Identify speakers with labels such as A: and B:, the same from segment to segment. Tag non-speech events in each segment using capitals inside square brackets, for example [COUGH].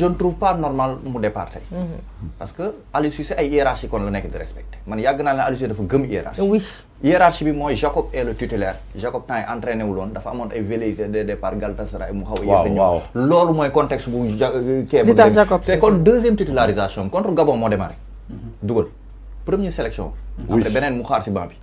A: je ne trouve pas normal mu départ mhm. parce que Aliou Cissé ay hiérarchie kon la nekk di respecté man yàgg naa ne Aliou Cissé dafa gëm hiérarchie. bi mooy Jacob est le titulaire Jacob temps yi entraîné loon dafa amoon ay velléité de départ Galatasaray mu xaw a. waaw waaw yëngu loolu mooy contexte bu ja euh, kee. te kon deuxième titularisation contre Gabon moo démarré. Mhm. dugal première sélection. après beneen mu xaar si banc bi.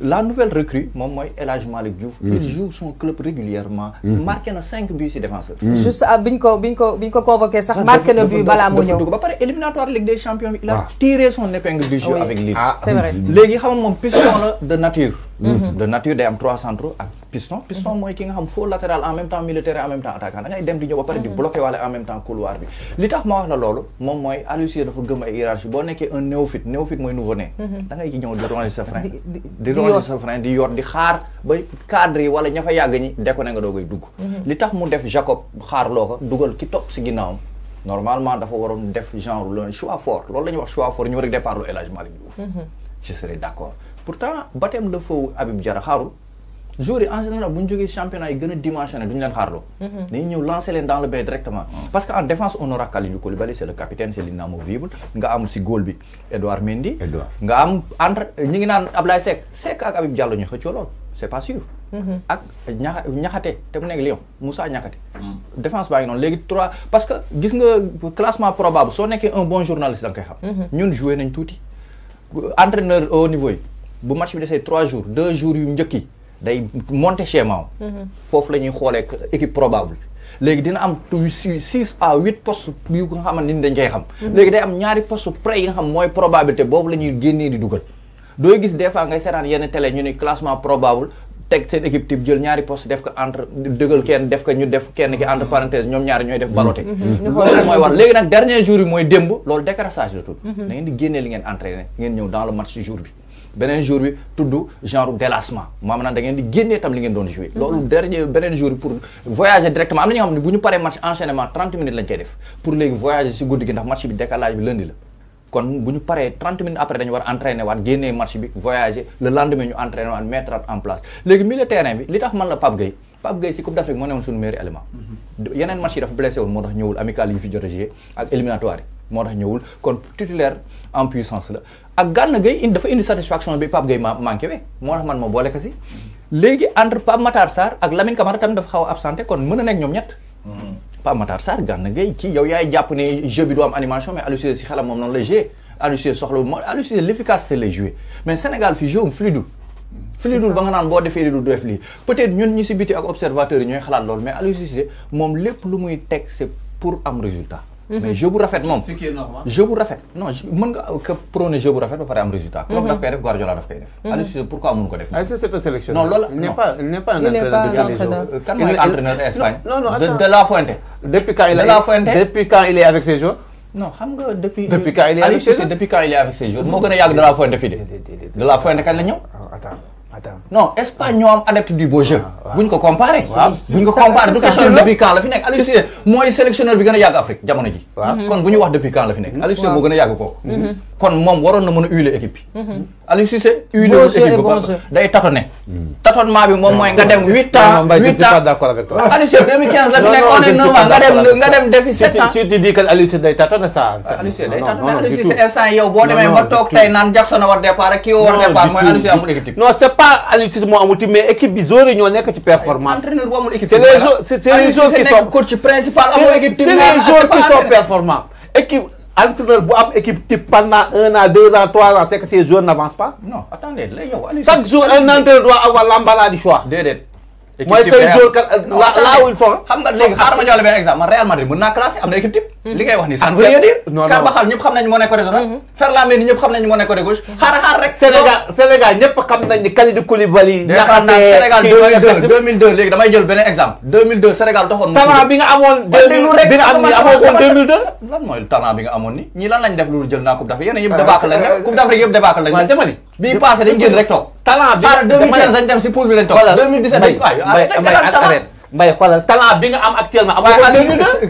A: la nouvelle recrue elle a mm-hmm. il joue son club régulièrement. Mm-hmm. marque na cinq buts ses défenseur. Mm-hmm. juste à ah, Binko convoqué but éliminatoire Ligue des champions. il a ah. tiré son épingle du jeu ah avec c'est vrai de nature. de mm-hmm. nature day am trois centraux ak piston mm-hmm. piston mooy ki nga xam faux latéral en même temps militaire en même temps attaquant da ngay dem di ñëw ba pare di mm-hmm. bloqué waale en même temps couloir bi li tax ma wax la loolu moom mooy Aliou dafa gëm ay boo nekkee un néophyte néophyte mooy nouveau né da ngay ñëw di
B: ronger
A: sa frein di ronger di xaar ba cadre yi wala ña fa yàgg ñi deko ne nga doo koy dugg li tax mu def Jacob xaarloo ko dugal pourtant baptême de feu Habib Diarra xaarul joueurs yi en général bu ñu jógee championnat yi gën a dimensionné du ñu leen xaarloo. Mhm. dañuy ñëw lancer leen dans le bain directement. parce que en défense on aura Kalidou Koulibaly c' est le capitaine c' est l'inamovible nga am si góol bi Edouard Mendy. nga am entre ñi ngi naan Ablaye Seck Seck ak Habib Diallo ñu xëccoo lool c' pas sûr. Mhm. ak ñaxate te mu nekk Lyon Moussa ñaxate. Mm. défense baa ngi noonu léegi trois parce que gis nga bu match bi desee 3 jours 2 jours yu njëkk yi day monter schéma am. Mhm. foofu la ñuy xoolee équipe probable. léegi dina am 6 à 8 postes yu nga xam ne dañ koy xam. Mhm. léegi day am ñaari postes près yi nga xam mooy probabilité boobu la ñuy génnee di dugal. dooy gis des fois ngay seetaan yenn télé ñu ne classement probable teg seen équipe type jël ñaari poste def ko entre dëgal kenn def ko ñu def kenn ki entre parenthèse ñoom ñaari ñooy def baloté mm-hmm. mm-hmm. mm-hmm. léegi nag dernier jour yi mooy démb loolu décrassage la tudd da ngeen di génnee li ngeen entraîné ngeen ñëw dans match jour bi beneen jour bi tudd genre délassement maanaam da ngeen di génnee tam li ngeen doon joué loolu dernier beneen jour bi pour voyager directement am na ñoo xam ne bu ñu paree match enchaînement 30 kon bu ñu paree 30 minutes après dañu war entraîner waat génnee match bi voyager le lendemain ñu entraîner waat mettre en place léegi milieu terrain bi li tax man la Pape Gueye Pape Gueye si Coupe d'Afrique moo newoon suñu meilleur élément mhm. yeneen match yi dafa blessé woon moo tax ñëwul amical yi fi jot a joué ak éliminatoire moo tax ñëwul kon titulaire en puissance la ak Gana Gueye indi dafa indi satisfaction bi Pape Gueye ma manqué we moo tax man ma boole ko si mhm. léegi entre Pape Matar Sarr ak Lamine Camara tamit xaw a absenté kon mën a nekk ñoom ñett mhm. Pape Matar Sarr Gana Gueye kii yow yaay japp ne jeu bi do am animation mais Aliou ci xalam mom non noonu la joué Aliou Cissé soxla l'efficacité le joué mais Sénégal fi jeu fluide fluide ba nga naan bo defee li du def li peut-être ñun ñi si biti ak observateur ñoy xalat lool mais Aliou mom lepp lu muy teg c'est pour am résultat mais mhm. je vous rafet moom. ce qui est normal Je vous rafet. non mën nga que euh, prôné je vous rafet ba avoir am résultat. club mhm. daf koy def Guardiola daf koy def. Mhm. alors Cissé pourquoi mënu ko def. Aliou ah, c'est un sélectionneur. non non il n'est pas
C: il n'est pas un entraîneur de tous les jours. kan mooy entraîneur Espagne. non non attends. de La Fuente. depuis quand il est de La Fuente depuis quand il est avec ses joueurs.
A: non xam nga depuis. depuis
C: quand il est avec ses joueurs c'est depuis quand il est avec ses joueurs.
A: mo gëna yag de La Fuente de de. de La Fuente quand la ñëw. Ah, attends non Espagne ñoo am ah. adepte du beau jeu. Ah, buñ ko comparé. waaw buñ ko comparé du question depuis quand la fi nekk Aliou Cissé [LAUGHS] mooy sélectionneur bi gën a yàgg Afrique jamono ji. Mm-hmm. kon bu ñu wax depuis quand la fi nekk. Aliou Cissé boo gën a yàgg kooku. Mm-hmm. Mm-hmm. kon moom waroon na mën a huiler équipe bi. Aliou Cissé huiler équipe bi quoi day tâtonner. tâtonnement bi moom mooy nga
C: dem huit ans huit ans [LAUGHS] Aliou Cissé 2015 la fi nekk on est normal nga dem nga dem defi sept ans. surtout di que Aliou Cissé day tâtonner ça. Aliou Cissé day tâtonner Aliou Cissé
A: instant yow boo demee ba toog
C: tey naan Jackson a war départ kii war départ mooy Aliou Cissé amul équipe. non c'est pas C'est Aliou mais équipe performance. les joueurs qui sont coach principal les joueurs qui sont performants équipe entraîneur équipe pendant un deux ans trois ans ces joueurs n'avancent pas.
A: non attendez chaque
C: jour un entraîneur doit avoir l'emballage du choix. mooy say jour laawul fond xam nga ma jox benn exemple man Real Madrid mën naa
A: classé am na équipe type hmm. wax ni ça veut rien dire Carvajal ñëpp xam nañ moo nekk côté droit hmm. Ferland Mendy ñëpp xam nañ moo nekk côté gauche hmm. xaaral xaaral rek Sénégal Sénégal ñëpp xam nañ ni Kalidou Koulibaly ñaxam naa Sénégal 2002 2002 léegi damay jël benn exemple 2002 Sénégal doxoon talent bi nga amoon bi nga am ni amoon 2002 lan mooy talent bi amoon ni ñii lan lañ def loolu jël naa talent bi nga dama ne dañ dem si pool bi leen toog. xoolal 2017 ay ay ay Mbaye xoolal talent bi nga am actuellement. amul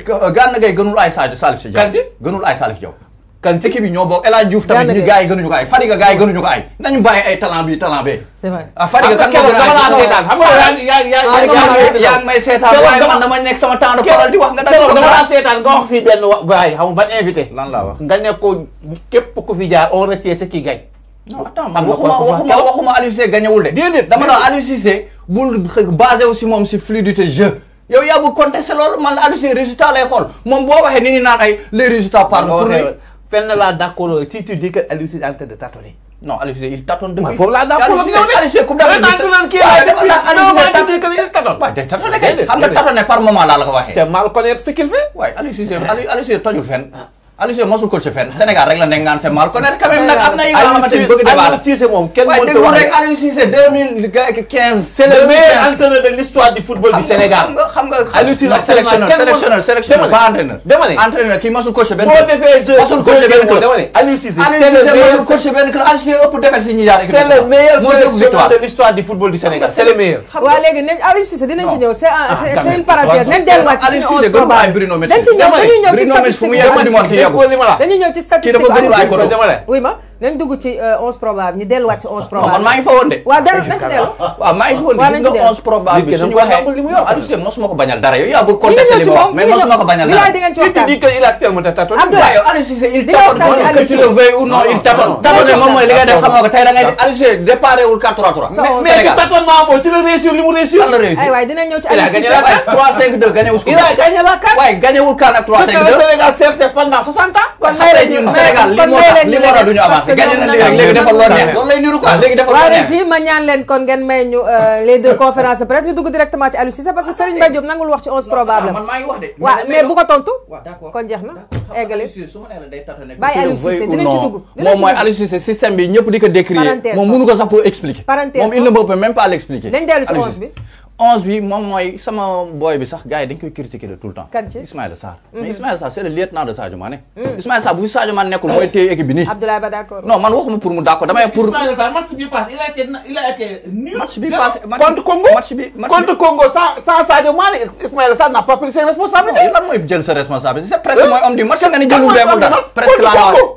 A: ko 2017 ay Sadio sa Diao. Kanté gënul ay Salif Diao. Kanté équipe bi ñoo bokk El Hadj Diouf tamit ñu gars yi gënuñu ko ay Fadiga gars yi gënuñu ko ay nañu bàyyi ay talent bi talent bee. c'est vrai ah Fadiga kan moo gën a ay seetaan xam nga yaa yaa ngi
C: nekk sama temps wax nga dama la seetaan nga wax fii benn waaye xam nga ban ne ko képp ku fi jaar on retient ce qui gagne
A: non attends man waxuma waxuma
C: waxuma Aliou Cissé gañewul de. déedéet dama doon Aliou Cissé
A: bul basé aussi moom si fluidité jeu. yow yaa bu contesté loolu man la Aliou Cissé résultat lay xool
C: moom boo waxee ni ni naan
A: ay les résultats parlent pour lui.
C: fenn laa d'accord si tu dis que Aliou Cissé en train de tâtonner. non Aliou Cissé il tâtonne depuis. foofu laa d'accord Aliou Cissé Aliou Cissé coupe d'Afrique bi.
A: xam nga tâtonner par moment laa la ko waxee. c'est mal connaître ce qu'il fait. waay Aliou Cissé Aliou Cissé tojul fenn. Aliou Cissé mosul coaché fenn Sénégal rek la nekk ngaan c'est mal kon nag quand même nag am na yi nga xamante ni bëgg débat Aliou
C: Cissé moom kenn mënut a wax rek
A: Aliou Cissé deux mille quinze c'est le meilleur
C: entraîneur de l'histoire du football du Sénégal xam nga Aliou Cissé ak sélectionneur sélectionneur sélectionneur pas entraîneur dama ne entraîneur kii mosul coaché benn club mosul coaché benn club dama ne Aliou Cissé c'est le meilleur mosul coaché benn
A: club Aliou Cissé ëpp défaite si ñi jaar c'est le meilleur sélectionneur
C: de l'histoire du football du Sénégal c'est le meilleur
D: waaw léegi nañ Aliou Cissé dinañ ci ñëw c'est une parenthèse nañ delluwaat ci suñu onze probable dañ ci ñëw dañuy ñëw ci statistique dañuy ñëw ci statistique bi dañuy ñëw ci statistique bi. kii dafa gën a laaj ko nañ dugg ci 11 eh, probable ñu wat ci 11 probable man maa ngi fa woon de waaw dal nañ ci dellu wa maa ngi fa woon de gis nga 11 probable
A: bi limu waxee alu Sène mosuma ko bañal dara yow yaa bu contesté li ma mais mosuma ko bañal dara bilaay di ngeen ci il a tellement de tâtonné Abdoulaye yow alu ci il tâtonne que tu le veuilles ou non il tapone tapone moom moy li ngay def xamoko tay da ngay alu ci déparé wul 4 3 3 mais ci
C: tatone ma boobu ci le réussir limu réussir kan la réussir ay waay dinañ ñëw ci Aliou Sène 3 5 2 gagné wul il a gagné la 4 way gagné wul 4 ak 3 5 2 Sénégal certes pendant 60 ans kon may rek ñun Sénégal limu limu tax duñu avancer que gagné
A: na lii rek léegi defal loo neex loolu lay niru quoi léegi defal loo neex waa
D: régie ma ñaan leen kon ngeen may ñu euh, les deux conférences de presse ñu dugg directement ci Aliou Cissé parce que Serigne Mbaye Diop nangul wax ci onze probable ah, man maa ngi wax de waaw mais bu ko tontu kon jeex na eggale bàyyi Aliou Cissé dinañ ci dugg moom mooy Aliou
A: Cissé système bi ñëpp di ko décrier moom mënu ko sax pour expliquer moom il ne peut même pas l'expliquer dañ dellu ci onze bi 11 bi mom moy sama boy bi sax gaay dañ koy critiquer de tout le temps. kan ci Ismaïla Sarr. Mhm. mais Ismaïla Sarr c'est le lieutenant de Sadio Mané. Mhm. Ismaïla Sarr bu fi Sadio Mané nekul moy téy équipe bi ni Abdoulaye Ba d'accord non man
C: waxuma pour mu d'accord accord damay pour. Ismaïla Sarr match bi passé il a été il a été nul. match bi passé contre Congo match bi contre Congo sans sans Sadio Mané Ismaïla Sarr n'a pas pris ses responsabilités. lan moy jël ses responsabilités c'est presque euh? moy homme du match nga ni jëlul benn dara presque la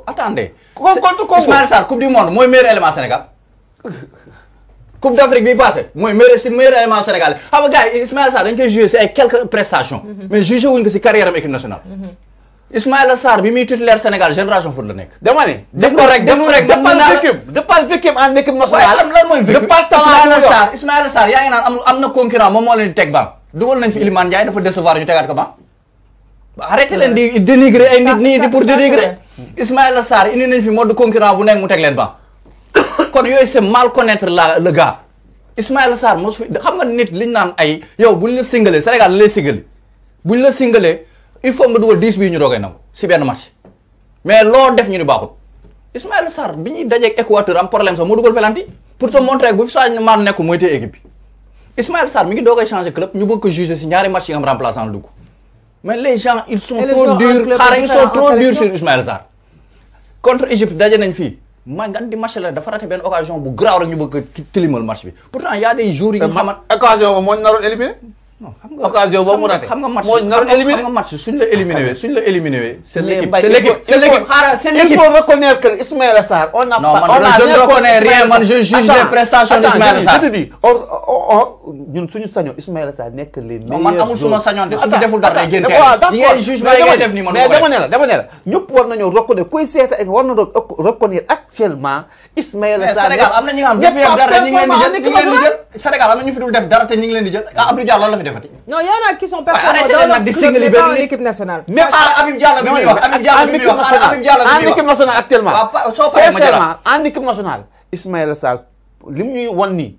C: attendez. contre Congo Ismaïla Sarr
A: coupe du monde moy meilleur élément Sénégal Coupe d'Afrique bi passé mooy meilleur meilleur élément Sénégal xam nga gars yi Ismaïla Sarr dañ koy jugé si quelques prestations. mais jugé wuñ ko si carrière am équipe nationale. Ismaïla Sarr bi muy titulaire Sénégal génération foot la nek. dama de ko rek de ko rek de pas vécu de pas vécu en équipe nationale. lan lan mooy vécu de pas talent Ismaïla Sarr Ismaïla Sarr yaa ngi am amna concurrent mom mo leen tek ba. banc. nañ fi Iliman Ndiaye dafa décevoir ñu tégat ko ba. arrêté leen di dénigrer ay nit ni di pour dénigrer Ismaïla Sarr indi nañ fi mode concurrent bu nek mu tek leen ba. [COUGHS] kon yooyu c'est mal connaître la le gars Ismaïla mos fi xam nga nit liñ naan ay yow buñ la singalee Sénégal la lay singalee ñu la singalee il faut nga dugal 10 bii ñu doogay nangu si benn match mais loo def ñu ni baaxul Ismaïla Sarr bi ñuy dajeeg Équateur am problème sax moo dugal pelanti pour te montrer bu fi Sadio Mané nekkul mooy téye équipe bi Ismaïla Sarr ngi doogay changer club ñu bëgg ko juger si ñaari match yi am remplaçant dugg mais les daje nañ fii Mangane di match la dafa raté benn occasion bu graaw rek ñu bëgg tilimal match bi pourtant y a des jours yi nga xamante
C: occasion moom moo ñu naroon éliminé non xam nga occasion boobu mu raté xam nga a. non man je ne reconnais rien man je juge les prestations d'Ismaïla Sarr. je te suñu sañoon nekk les meilleurs. non man amul suma de suñu deful dara génn kay yéen jugement yi ngay def nii man. mais dama ne la la ñëpp war na reconnaître actuellement Ismaïla Sarr. Sénégal am na ñu nga xam def dara ñu ngi leen di am na ñu fi def dara
A: te ñu ah, la fi Fatick.
D: non y en a qui sont performants dans le l'équipe nationale. même ah, Habib Diallo
A: bi muy wax Habib Diallo bi muy wax Habib Diallo bi muy wax en équipe nationale actuellement. sincèrement
C: en équipe nationale. Ismaïla Sarr li mu ñuy wan nii.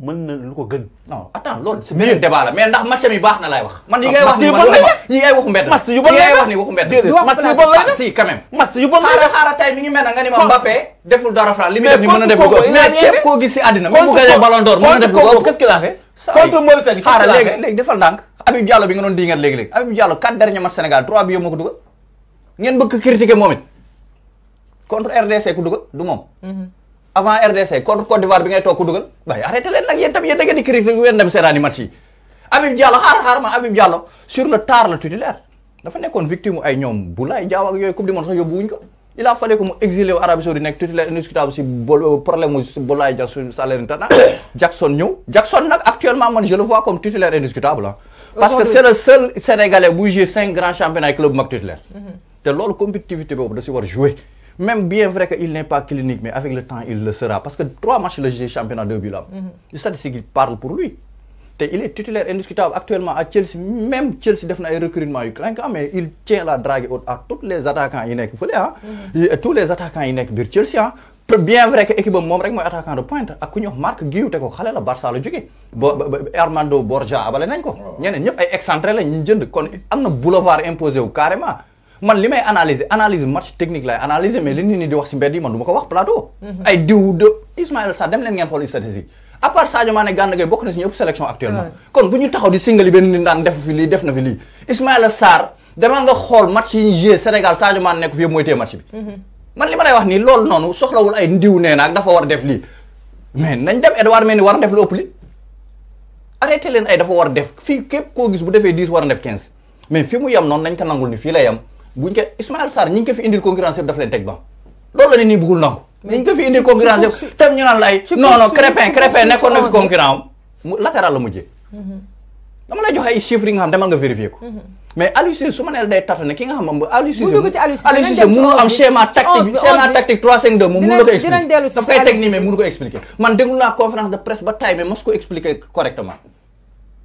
C: mën na lu ko gën. non attends loolu c'est beneen débat la mais ndax
A: match yi baax na laay
C: wax. man yi ngay wax nii man yi ngay waxu mbedd la. match yu bon
A: la ngay wax nii waxu mbedd la. match yu bon ah, la si quand même. match yu bon la xaaral xaaral tey mi ngi mel ne nga ni ma Mbappé deful dara France li muy def ni mën na def lu ko mais képp koo gis si àddina même bu gagné ballon d'or mën na def lu ko qu'est-ce qu'il a fait
C: contre Mauritanie xaaral léegi
A: léegi defal ndànk Habib Diallo bi nga doon dingat léegi léegi Habib Diallo quatre derniers matchs Sénégal trois bi yow moo ko ngeen bëgg critiquer moom it contre RDC ku dugal du moom mhm. avant RDC contre Côte d'Ivoire bi ngay toog ku dugal waaye arrêté leen nag yéen tam yéen da ngeen di critiquer yéen dem seetaani match yi Habib Diallo xaar xaar ma Habib Diallo sur le tard la titulaire dafa nekkoon victime ay ñoom bu laay jaaw yooyu coupe du monde sax yóbbu wuñ ko il a fallu que mon exilé aux Arabie Saoudite nekk titulaire indiscutable si euh, problème Boulaye Dia salaire [COUGHS] Jackson Jackson actuellement je le vois comme titulaire indiscutable hein. parce que c'est le seul Sénégalais a bougé cinq grands championnats club titulaire. Mm-hmm. te lolu compétitivité pour da war jouer. même bien vrai qu'il n'est pas clinique, mais avec le temps, il le sera. Parce que trois matchs, le G championnat de Bulam. Mm-hmm. ça ça Les parle pour lui il est titulaire indiscutable actuellement à Chelsea même Chelsea def na ay recrutement yu clinquant ah, mais il tient la drague haute à ah. mm-hmm. tous les attaquants y nekk fële ah. tous les attaquants y nekk Chelsea ah. bien vrai que équipe moom rek mooy attaquant de pointe ak ñu Marc Guiu te ko xale la Barça la Armando Borja abale nañ ko. ñeneen ñëpp ay excentré lañ ñu jënd kon boulevard imposé au carrément. man que analyser analyse match technique lay analyser mais li nit ñi di wax si mbedd yi man du ko wax plateau. Mm-hmm. ay de Ismaël Sarr dem allez ngeen les statistique. à part Sadio Mané Gana Gueye bokk na si ñu ëpp sélection actuellement. kon bu ñu taxaw di singali benn nit daan def fi lii def na fi lii Ismaïla Sarr demal nga xool match yi ñu joué Sénégal Sadio Mané nekk fi yëpp mooy téye match bi. Mhm. man li ma lay wax nii loolu noonu soxlawul ay ndiw nee naag dafa war def lii mais nañ dem Edouard ni war a def lu ëpp li arrêté leen ay dafa war def fii képp koo gis bu defee 10 war a def 15 mais fi mu yem noonu nañ ko nangul ni fii la yem buñ ko Ismaïla Sarr ñi ngi leen teg ba loolu la ne nii mais nga fi indi concurrence yëpp tam ñu naan lay non non Crépin Crépin nekkoon na fi concurrent mu latéral la mujjee mhm. dama lay joxe ay chiffres yi nga xam demal nga vérifier ko mhm. mais la naa conférence de mais mos ko expliquer correctement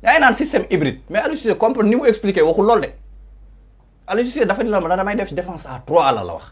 A: yaa ngi naan système hybride mu expliquer de Aliou Cissé dafa ni la ma damay def défense la la wax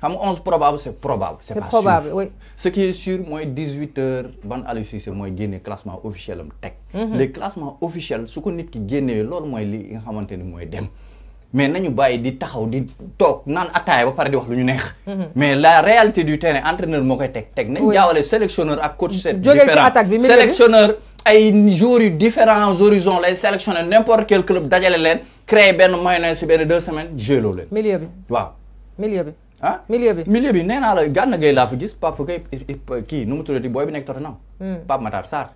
A: xam 11 probable c'est probable. c'est pas probable oui. ce qui est sûr moi 18 huit heures ban Aliou c'est moi gagner classement officiel am teg. Mhm. les classements officiels su ko nit ki génnee loolu moi li nga xamanteni ni dem. mais nañu baye di taxaw di tok nan ataaya ba pare di wax luñu neex. Mhm. mais la réalité du terrain entraîneur moo koy tech teg. nañ sélectionneur ak coach. c' différent sélectionneur ay joueurs yu différents horizons lay sélectionné n'importe quel club dajale leen créé benn mayonnaise ci ben deux semaines gelo loolu leen. milieu bi waaw milieu bi ah milieu bi milieu bi nee naa la Gana Gueye laa fa gis Pape kay kii nu mu tuddati booy bi nekk Tottenham. Hmm. Pape Matar Sarr.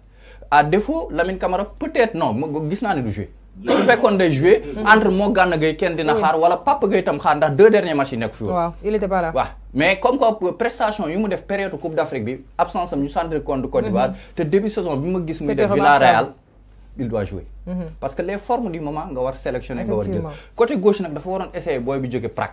A: à défaut Lamine Camara peut-être non gis naa ne du jouer. su fekkoon day jouer entre moo Gana gay kenn dina xaar wala papa gay tam xaar ndax deux derniers matchs yi nekk fi waaw il était pas là waaw mais comme quoi euh, prestation yu mu def période Coupe d'Afrique bi absence am ñu centre compte Côte mhm. d'Ivoire. te début saison bi ma gis muy def real il doit jouer. Mhm. parce que les formes du moment nga war sélectionner nga war jël côté gauche nag dafa waroon essayer booy bi jóge Prague.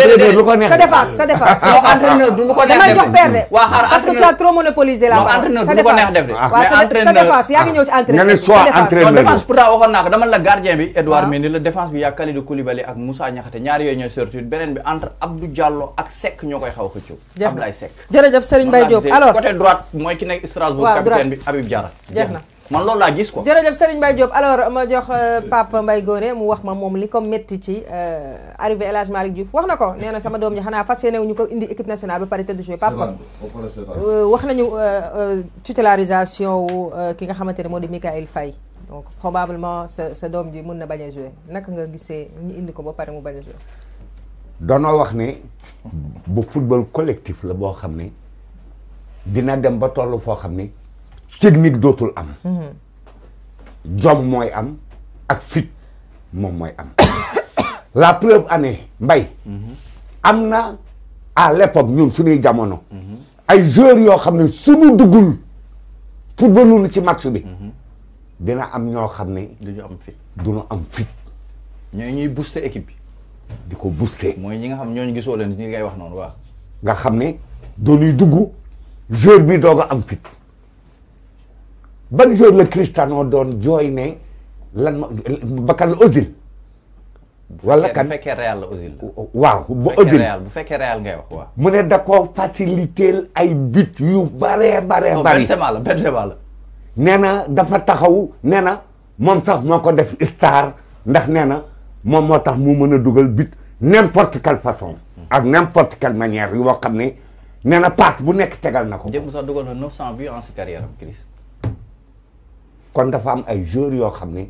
D: entraîneur lu ko neex sa défense sa défense. entraîneur du lu ko neex def de. waa xaaral parce que la. waaw entraîneur du lu ko neex def de. mais sa défense yaa ngi ñëw ci entraîneur. nga ne soit entraîneur bi défense
A: pourtant dama la gardien bi. Edouard Mendy la défense bi yaa Kalidou Koulibaly ak Moussa Niakhaté ñaar yooyu ñooy sortir beneen bi entre Abdou ak Seck ñoo koy xaw a xëccoo. jërëjëf Abdoulaye Seck.
D: jërëjëf
A: droite mooy ki nekk Strasbourg capitaine bi Habib Diarra man loolu laa gis quoi. jërëjëf
D: Serigne Mbaye Diop alors ma jox euh, Pape Mbaye Gore mu wax ma moom li ko métti ci euh, arrivé El Hadj Malick wax na ko nee na sama doom ji xanaa fas yéene ñu ko indi équipe nationale ba pare tëdd joué Pape euh, wax nañu titularisation wu ki nga xamante ne moo di Michael fay donc probablement sa sa doom ji mun na bañ a naka nga gisee ñu indi ko ba pare mu bañ a joué.
E: danoo wax ne bu football collectif la boo xam ne dina dem ba tollu foo xam ne. technique dootul am jom mooy am ak fit moom mooy am [COUGHS] la preuve année mbay am na a l'époque ñun suñuy jamono ay joueurs yoo xam ne suñu duggul footballu ci match bi dina am ñoo xam ne duñu am fit duñu am fit
A: ñooy ñuy booster équipe bi di ko booster mooy ñi nga xam ñoo ñooñu gisoo leen ñi ngay wax noonu waaw nga
E: xam ne doonuy dugg joueur bi doog a am fit ban jour la Cristiano doon jooy ne lan ma la Ozil. wala kan bu
A: fekkee Real la waaw
E: bu Ozil bu
A: fekkee Real ngay wax waaw.
E: mu ne da koo faciliter ay but yu baree baree. bari Benzema la Benzema la. nee na dafa taxaw nee na moom sax moo ko def star ndax nee na moom moo tax mu mën a dugal but n'importe quelle façon. ak n'importe quelle manière yoo xam ne nee na passe bu nekk tegal na ko.
A: Jéem sax dugal na 900 buts en sa
E: kon dafa am ay joueurs yoo xam ne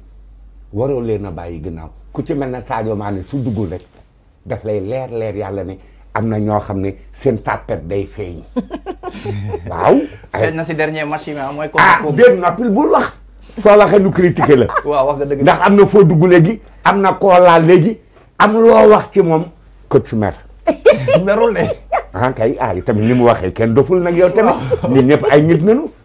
E: waroo leen a bàyyi ginnaaw ku ci mel ne Sadio Mané su duggul rek daf lay leer leer yàlla ni am na ñoo xam ne seen tapet day feeñ. [LAUGHS] waaw. feeñ na si dernier match yi mooy. ah dégg nga pile bul soo waxee nu critiqué la. [LAUGHS] waaw wax nga dëgg ndax am na foo dugg léegi am na koo léegi am loo wax ci moom coach mer. [LAUGHS] merul ne. ah kay ah, tamit ni mu waxee kenn doful nag yow tamit. nit ñëpp ay nit nañu.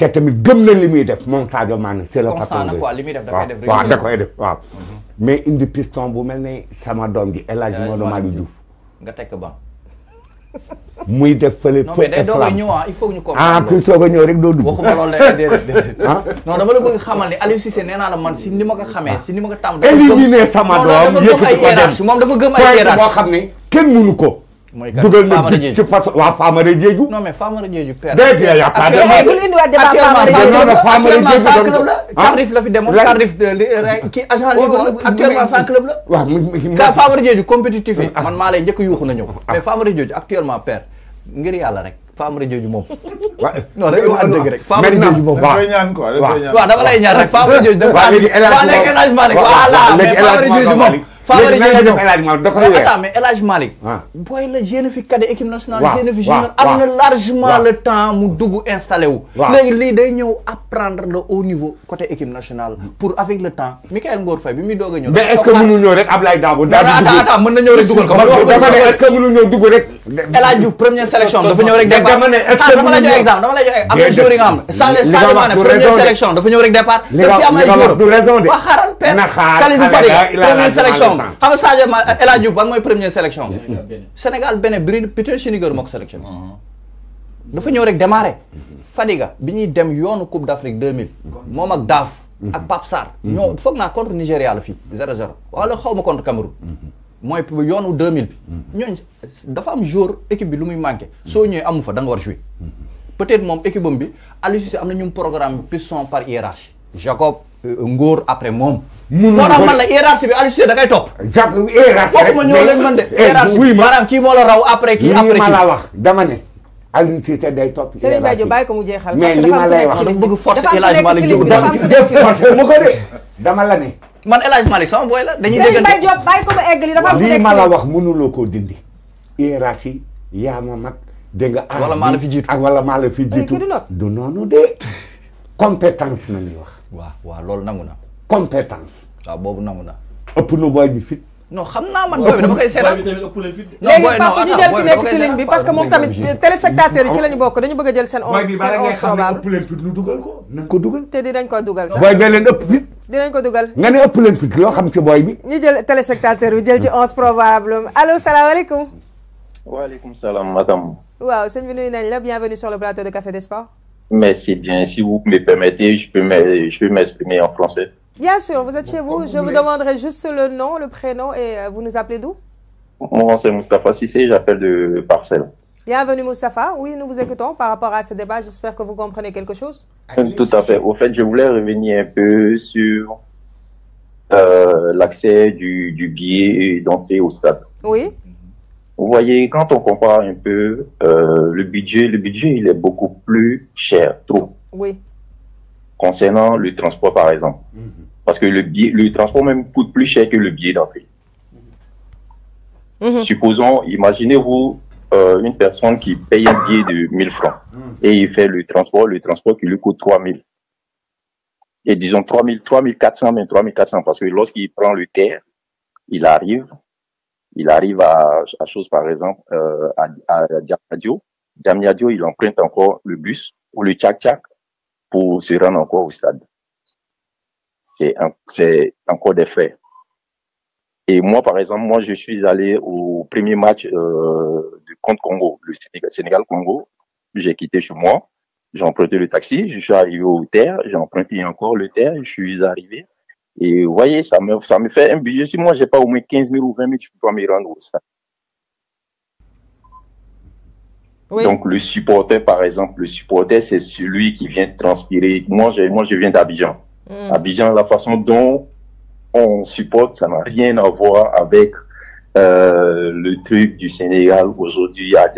E: te tamit gëm na li muy def moom Sadio Mané c'est le patron li muy def da koy def koy def waaw mhm. mais indi piston bu mel ne sama doom ji El Hadj Modou Malick Diouf nga tekk ba muy def fële feu et flamme non mais
A: il faut ñu ah ku soog
E: a ñëw rek doo dugg waxuma loolu de
A: déedéet [LAUGHS] ah non dama la bëgg xamal ne Aliou Cissé nee naa la man si ni ma ko xamee ah. si ni ma ko tàmm éliminé sama doom yëkkati ko dem moom dafa gëm ay hiérarchie boo xam
E: ne kenn mënu ko mooy kan dugal na ci façon waa Famara Diédhiou. non mais
A: Famara Diédhiou père. déedéet y' a pas de. Cardiff la fi demoon Cardiff kii agent libre actuellement sans club la. waaw mu Famara Diédhiou compétitif yi. man maa lay njëkk a yuuxu na ñëw. mais Famara Diédhiou actuellement père ngir yàlla rek. Famara Diédhiou moom. waaw non dañuy wax dëgg rek. Famara Diédhiou moom waaw ñaan quoi waaw dama lay ñaan rek Famara Diédhiou. waaw léegi El Hadj Malick voilà mais Famara Diédhiou
F: moom. Famara Dieng attends
A: mais El Hadj Malick ah. booy la fi cadet équipe am na largement le temps mu dugg installé wu léegi lii day ñëw apprendre le haut niveau côté équipe nationale pour avec le temps Michael Ngor Faye bi muy doog ñëw mais ñëw
E: rek Ablaye Dabo daal di dugg attends mën na ñëw rek dugal ko dama ne est-ce ñëw dugg rek El Hadj Diouf ah, dafa ñëw rek départ dama lay jox exemple dama lay jox am na joueur yi nga
A: dafa ñëw rek départ dafa am ay joueur sélection xam nga Sadio Ma mm. El Hadj Diouf ban mooy première sélection Sénégal benn biri Peter Schnittger moo ko sélection uh-huh. dafa ñëw rek démarrer. Mm-hmm. Fadiga bi ñuy dem yoonu Coupe d'Afrique 2000 mom ak Daf mm-hmm. ak Pape Sar mm-hmm. ñoo foog naa contre Nigéria la fii 0-0 wala xaw contre Cameroun mooy yoonu 2000 bi ñooñ dafa am jour équipe bi lu muy manqué soo ñëwee amu fa da nga war jouer peut-être moom équipe bi Aliou Cissé am na ñu programme bi par hiérarchie Jacob ngor après mom mënuñu ko moo tax man la hiérarchie bi Aliou Cissé da
E: kay topp. jàpp hiérarchie rek ma leen man de. hiérarchie bi maanaam ki mo la raw après ki après kii. ma la wax dama ne. Aliou Cissé day topp hiérarchie Serigne Badio bàyyi
D: ko mu jeexal. mais li ma lay wax dafa bëgg force
E: El Hadj Malick Diop dama force mu ko de dama la
A: man sama la dañuy ko mu
D: li dafa ma la wax
E: dindi. hiérarchie ya ma mag dégg nga. wala maa la fi jiitu ak ah, wala la fi du compétence wax waaw waaw loolu nangu na. compétence. a boobu nangu na. ëpp na booy bi fit.
D: non xam naa man booy bi dama koy seetaan
E: léegi
A: papa ñu jël ki
D: nekk ci ligne bi parce que moom tamit euh, téléspectateurs yi ci lañu bokk dañu bëgg a jël seen onze seen onze
E: probable ko nañ ko dugal
D: te dinañ ko dugal sax booy bee leen ëpp fit dinañ ko dugal nga
E: ne ëpp leen fit loo xam ci booy bi
D: ñu jël téléspectateur bi jël ci onze probable allo salaamaaleykum
G: waaleykum
H: salaam madame
D: waaw sëñ bi nuyu nañ la bienvenue sur le plateau de Café des Sports
H: Merci bien. Si vous me permettez, je peux m'exprimer en français.
D: Bien sûr, vous êtes chez vous. Je vous demanderai juste le nom, le prénom et euh, vous nous appelez d'où
H: Mon nom c'est Moustapha Sissé, j'appelle de Parcelles.
D: Bienvenue Moustapha. Oui, nous vous écoutons par rapport à ce débat. J'espère que vous comprenez quelque chose.
H: Euh, tout à fait. Au fait, je voulais revenir un peu sur euh, l'accès du billet d'entrée au stade. Oui. Vous voyez, quand on compare un peu euh, le budget, le budget, il est beaucoup plus cher, trop. Oui. Concernant le transport, par exemple. Mhm. Parce que le, le transport même coûte plus cher que le billet d'entrée. Mhm. Supposons, imaginez-vous euh, une personne qui paye un billet de 1000 francs mhm. et il fait le transport, le transport qui lui coûte 3000. Et disons 3000, 3400, mais 3400, parce que lorsqu'il prend le terre, il arrive, il arrive à, chose par exemple euh, à, à, à Diamniadio. il emprunte encore le bus ou le tchak-tchak pour se rendre encore au stade. C'est c'est encore des faits. Et moi, par exemple, moi, je suis allé au premier match euh, du contre Congo, le Sénégal-Congo. J'ai quitté chez moi, j'ai emprunté le taxi, je suis arrivé au terre, j'ai emprunté encore le terre, je suis arrivé et vous voyez, ça me, ça me fait un budget. Si moi, j'ai pas au moins 15 000 ou 20 000, je peux pas me rendre ça. Donc, le supporter, par exemple, le supporter, c'est celui qui vient transpirer. Moi, je, moi, je viens d'Abidjan. Hmm. Abidjan, la façon dont on supporte, ça n'a rien à voir avec euh, le truc du Sénégal aujourd'hui à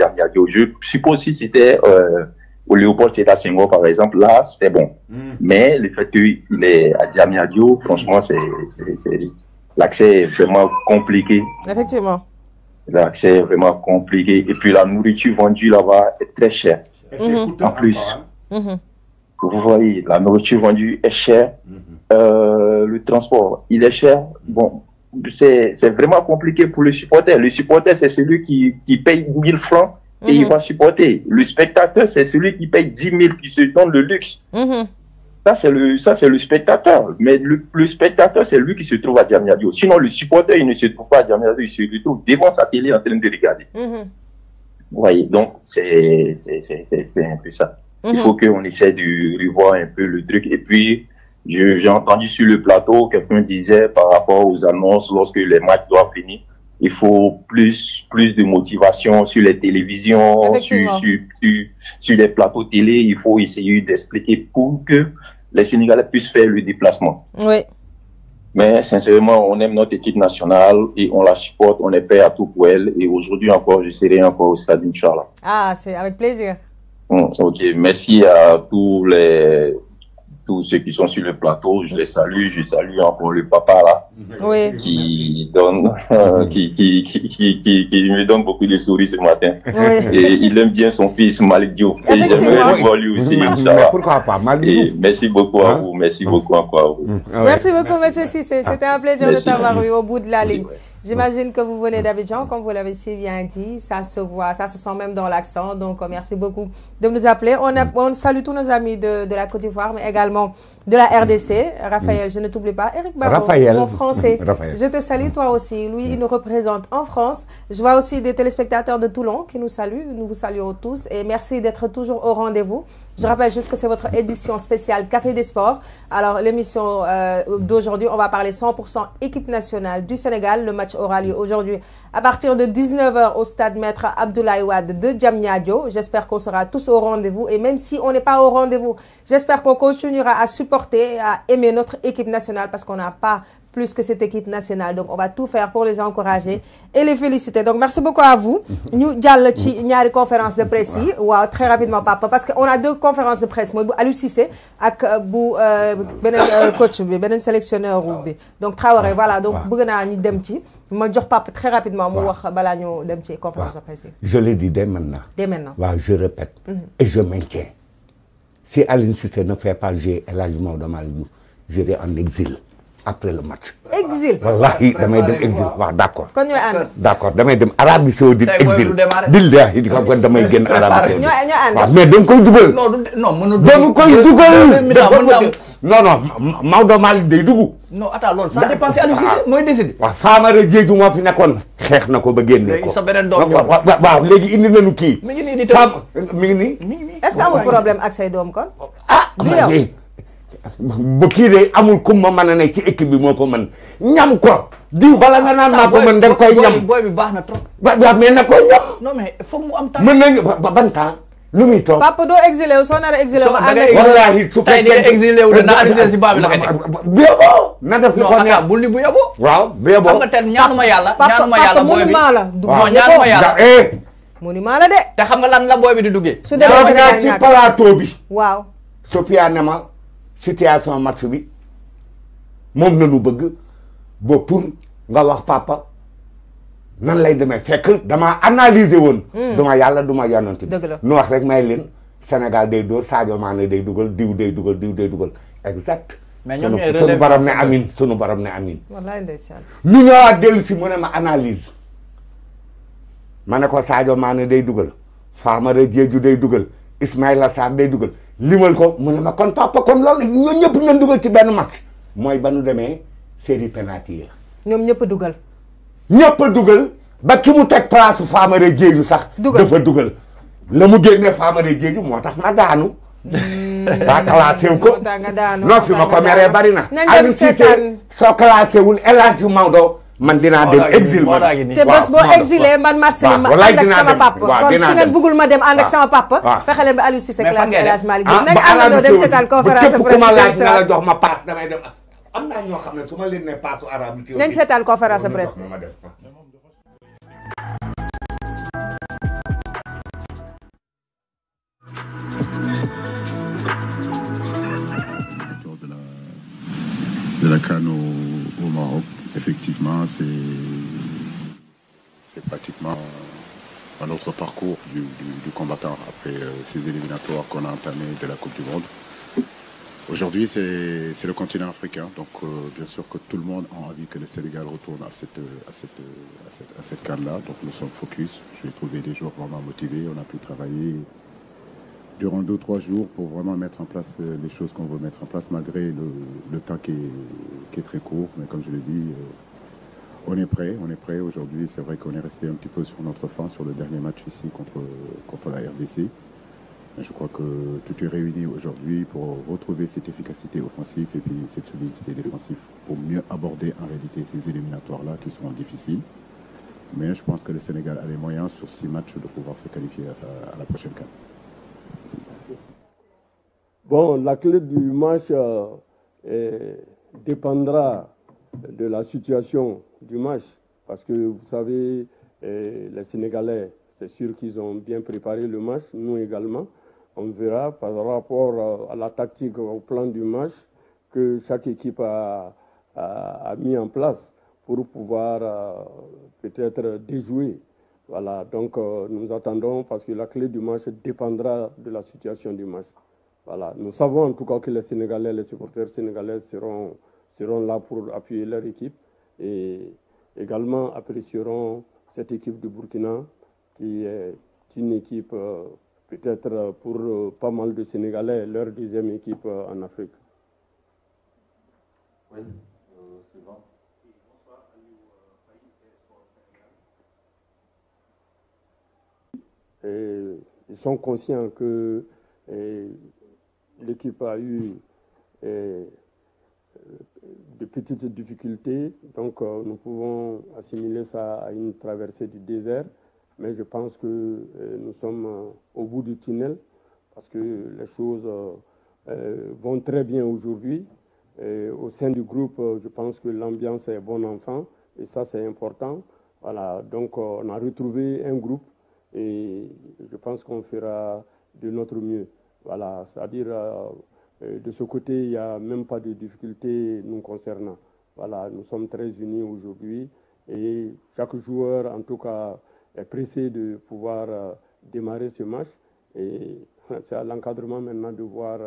H: jeu. Je suppose si c'était... Euh, au Léopold à Senghor, par exemple, là, c'était bon. Hmm. Mais le fait qu'il est à radio franchement, c'est, l'accès est vraiment compliqué. Effectivement. L'accès est vraiment compliqué. Et puis, la nourriture vendue là-bas est très chère. Mhm. En plus, hein. mhm. vous voyez, la nourriture vendue est chère. Mhm. Euh, le transport, il est cher. Bon, c'est, vraiment compliqué pour le supporter. Le supporter, c'est celui qui, qui paye 1000 francs Mhm. et il va supporter. Le spectateur, c'est celui qui paye 10 000, qui se donne le luxe. Mhm. Ça, c'est le, ça, c'est le spectateur. Mais le, le spectateur, c'est lui qui se trouve à Diamniadio. Sinon, le supporter, il ne se trouve pas à Diamniadio, il se trouve devant sa télé en train de regarder. Mhm. Vous voyez, donc, c'est, c'est, c'est, c'est un peu ça. Il faut qu'on essaie de revoir un peu le truc. Et puis, j'ai entendu sur le plateau, quelqu'un disait par rapport aux annonces lorsque les matchs doivent finir il faut plus plus de motivation sur les télévisions, sur, les plateaux télé. Il faut essayer d'expliquer pour que les Sénégalais puissent faire le déplacement. Oui. Mais sincèrement, on aime notre équipe nationale et on la supporte, on est prêt à tout pour elle. Et aujourd'hui encore, je serai encore au stade, Inch'Allah.
D: Ah, c'est avec plaisir.
H: Hum, ok, merci à tous les tous ceux qui sont sur le plateau. Je les salue, je salue encore le papa là, qui donne, [LAUGHS] qui, qui, qui, qui, me donne beaucoup de souris ce matin. Et il aime bien son fils Malik Et j'aimerais le voir lui aussi, Pourquoi pas, Malik Merci beaucoup à hein? vous, merci hein? beaucoup encore à vous. Ah merci beaucoup, monsieur Sissé. C'était un plaisir de t'avoir eu au bout de la ligne.
D: J'imagine que vous venez d'Abidjan, comme vous l'avez si bien dit. Ça se voit, ça se sent même dans l'accent. Donc, euh, merci beaucoup de nous appeler. Mm. On, salue tous nos amis de, de la Côte d'Ivoire, mais également de la mm. RDC. Mm. Raphaël, je ne t'oublie pas. Eric Barreau, en français. [LAUGHS] Raphaël. Je te salue toi aussi. Lui, il nous représente en France. Je vois aussi des téléspectateurs de Toulon qui nous saluent. Nous vous saluons tous et merci d'être toujours au rendez-vous. Je rappelle juste que c'est votre édition spéciale Café des Sports. Alors, l'émission euh, d'aujourd'hui, on va parler 100% équipe nationale du Sénégal. Le match aura lieu aujourd'hui à partir de 19h au stade Maître Abdoulaye Wad de Djamniadio. J'espère qu'on sera tous au rendez-vous. Et même si on n'est pas au rendez-vous, j'espère qu'on continuera à supporter, à aimer notre équipe nationale parce qu'on n'a pas plus que cette équipe nationale. Donc, on va tout faire pour les encourager et les féliciter. Donc, merci beaucoup à vous. Nous avons une conférence de presse. très rapidement, papa. Parce qu'on a deux conférences de presse. Moi, à l'UCC, avec le coach, le sélectionneur. Donc, Traoré, voilà. Donc, nous petit, vous jox papa très rapidement mu wax balaa ñu dem conférence de presse
E: je l'ai dit dès maintenant dès maintenant je répète mm-hmm. et je maintiens si Aline Sissé ne fait pas j'ai de de vie, Je vais en exil après lu match.
D: exil wallahi damay dem exil waaw d' accord. kon
E: d' accord damay dem Arabie Saoudite exil. billahi di ko kon damay génn Arabie Saoudite. ñooy ànd mais da nga koy dugal. non
A: non mën koy dugal. da non
E: non Maodo Malick day dugg.
A: non attends loolu ça
E: mooy décidé. waaw Famara Diédhiou fi nekkoon. xeex na ko ba génne ko sa beneen doom waaw léegi indi nañu kii. mi ngi nii di
D: mi ngi est-ce que amul problème ak say doom kon. ah
E: ba kii de amul kum ma na a ne ci équipe bi moo ko mën ñam ko. diw bala
D: nga naan maa ko mën da koy ñam booy bi na trop.
E: ba waaw na ko ñam. mu am temps. mën nañu ba ban temps lu muy toog.
D: papa doo exilé wu soo nar a exilé wu. wallaahi su fekkee tey exilé
A: wu na arrêté si
E: na def lu ko neex bul ni bu yóbbu. waaw bu yóbbu xam nga
A: tey ñaanuma yàlla. ñaanuma yàlla booy bi papa papa ñaanuma yàlla.
D: Eh. te
A: xam
E: nga lan la booy di duggee. su
D: demee ci plateau bi. waaw
E: Sophia ne ma situation match bi moom nanu bëgg ba pour nga wax papa nan lay demee fekk dama analyser woon hmm. duma yàlla duma ti bi nu wax rek may leen Sénégal day door Sadio Mané day dugal diw day dugal diw day dugal exact
D: mais ñoom ñooy sunu baram ne
E: amin sunu baram ne amin
D: wallaay ndeysaan
E: ñu ñëwaat si mu ne ma analyse ma ne ko Sadio Mané day dugal Famara Diédhiou day dugal Ismaïla Sarr day dugal limal ko mu ne ma kon papa kon loolu ñoo ñëpp ñoom dugal ci benn match mooy ba nu demee série penalty yi la.
D: ñoom ñëpp dugal.
E: ñëpp dugal ba ki mu teg place su Famara Diédhiou sax. dafa dugal la mu génnee Famara Diédhiou moo tax ma daanu. daa hmm. classé wu ko.
D: non fi ma ko meree bari na. nañ dem seetaan Aliou
E: Cissé soo classé wul El Hadj Maodo. man dina dem exil man te bés bo exilé eh, man marsé ma ak sama papa kon su ngeen bugul
D: ma dem and ak sama papa fexe ba Aliou Cissé classe élage Malick Diop nañ àndandoo dem sétal conférence de presse laaj la
E: jox ma part damay dem am na ño xamné suma su ma leen ne paatu arabe ci nañ sétal conférence de presse
I: de la canne au, au Maroc effectivement, c'est pratiquement un autre parcours du, combattant après euh, ces éliminatoires qu'on a entamés de la Coupe du Monde. Aujourd'hui, c'est le continent africain, donc euh, bien sûr que tout le monde a envie que le Sénégal retourne à cette, à cette, à canne-là. Donc nous sommes focus. je J'ai trouvé des joueurs vraiment motivés. On a pu travailler durant deux trois jours pour vraiment mettre en place euh, les choses qu'on veut mettre en place malgré le, temps qui est, très court. Mais comme je l'ai dit, euh, on est prêt, on est prêt. Aujourd'hui, c'est vrai qu'on est resté un petit peu sur notre fin sur le dernier match ici contre, contre la RDC. je crois que tout est réuni aujourd'hui pour retrouver cette efficacité offensive et puis cette solidité défensive pour mieux aborder en réalité ces éliminatoires-là qui sont difficiles. Mais je pense que le Sénégal a les moyens sur six matchs de pouvoir se qualifier à, la prochaine CAN.
G: Bon, la clé du match euh, dépendra de la situation du match. Parce que vous savez, euh, les Sénégalais, c'est sûr qu'ils ont bien préparé le match, nous également. On verra par rapport euh, à la tactique, au plan du match que chaque équipe a mis en place pour pouvoir peut-être déjouer voilà, donc euh, nous attendons parce que la clé du match dépendra de la situation du match. Voilà, nous savons en tout cas que les Sénégalais, les supporters sénégalais seront, seront là pour appuyer leur équipe et également apprécieront cette équipe du Burkina qui est une équipe euh, peut-être pour euh, pas mal de Sénégalais, leur deuxième équipe en Afrique. Oui. ils sont conscients que l'équipe a eu euh, de petites difficultés. Donc, euh, nous pouvons assimiler ça à une traversée du désert. Mais je pense que euh, nous sommes au bout du tunnel parce que les choses vont très bien aujourd'hui. Au sein du groupe, je pense que l'ambiance est bon enfant et ça, c'est important. Voilà, donc on a retrouvé un groupe et je pense qu'on fera de notre mieux. Voilà, c'est-à-dire euh, euh, de ce côté, il n'y a même pas de difficultés nous concernant. Voilà, nous sommes très unis aujourd'hui et chaque joueur, en tout cas, est pressé de pouvoir euh, démarrer ce match. Et [LAUGHS] c'est à l'encadrement maintenant de voir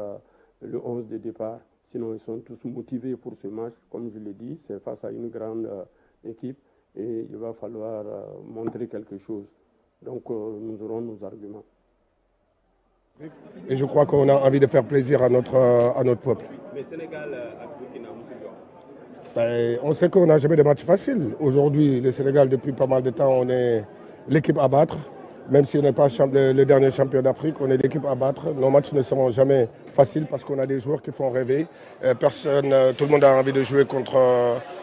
G: le 11 de départ. Sinon, ils sont tous motivés pour ce match. Comme je l'ai dit, c'est face à une grande équipe et il va falloir montrer quelque chose. Donc euh, nous aurons nos arguments.
J: Et je crois qu'on a envie de faire plaisir à notre, euh, à notre peuple.
B: Mais Sénégal euh, à Burkina,
J: ben, on sait qu'on n'a jamais de matchs faciles. Aujourd'hui, le Sénégal, depuis pas mal de temps, on est l'équipe à battre. Même si on n'est pas le dernier champion d'Afrique, on est l'équipe à battre. Nos matchs ne seront jamais faciles parce qu'on a des joueurs qui font rêver. Personne, tout le monde a envie de jouer contre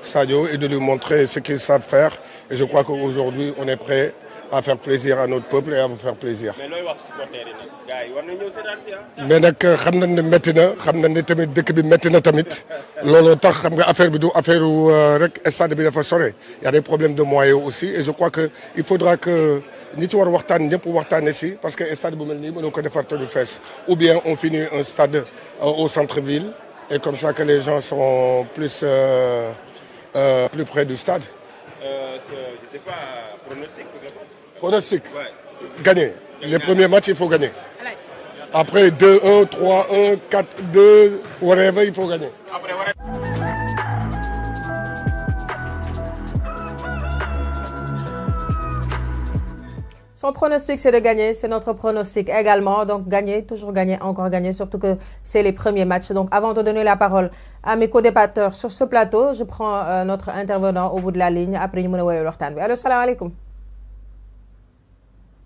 J: Sadio et de lui montrer ce qu'ils savent faire. Et je crois qu'aujourd'hui, on est prêt à faire plaisir à notre peuple et à vous faire plaisir. mais là,
G: wax supporters yi nag gars yi war nañu ñëw seetaan si ah.
J: mais nag euh, xam nañ ne métti na xam nañ ne tamit dëkk bi métti na tamit looloo tax xam nga affaire bi du affaire euh, rek stade bi dafa Il y a des problèmes de moyens aussi et je crois que il faudra que ñi ci war waxtaan ñëpp waxtaanee si parce que stade bu mel nii mënoo ko defar te du fesses. ou bien on finit un stade euh, au centre-ville et comme ça que les gens sont plus euh, euh, plus près du stade.
H: Euh, je sais pas, pronostic pour la France pronostic. Gagner. Les premiers
J: matchs, il faut gagner. Après 2-1, 3-1, 4-2, whatever, il faut gagner.
D: Son pronostic, c'est de gagner. C'est notre pronostic également. Donc, gagner, toujours gagner, encore gagner, surtout que c'est les premiers matchs. Donc, avant de donner la parole à mes co-débatteurs sur ce plateau, je prends euh, notre intervenant au bout de la ligne. Après, le Lortan. Allô, salam alaikum.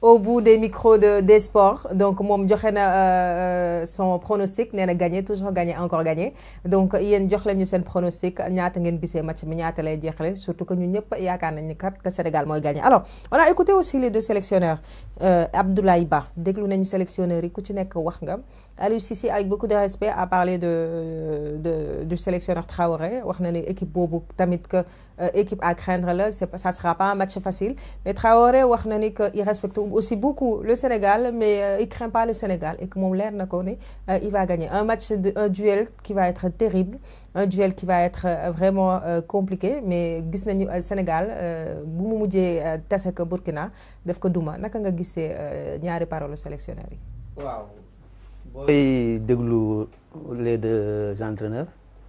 D: au bout des micros de, des sports. Donc, moi, je euh, euh, son pronostic il na gagné toujours gagné encore gagné donc il jox lañu un pronostic y a un match y a surtout que ñun ñëpp pas ni Sénégal gagné. alors on a écouté aussi les deux sélectionneurs euh, Abdoulaye Ba déglu nous sélectionneurs yi sélectionné ci a wax nga. L'UCC, ici avec beaucoup de respect a parlé de, du sélectionneur Traoré On a équipe que euh, équipe à craindre là, ne ça sera pas un match facile mais Traoré il respecte aussi beaucoup le Sénégal mais euh, il craint pas le Sénégal et comme on l'a na euh, il va gagner un match de un duel qui va être terrible un duel qui va être vraiment compliqué mais le nañu Sénégal euh, mu mujjee tase Burkina daf ko Sénégal. le nga ñaari parole sélectionneur Waouh
C: les deux entraîneurs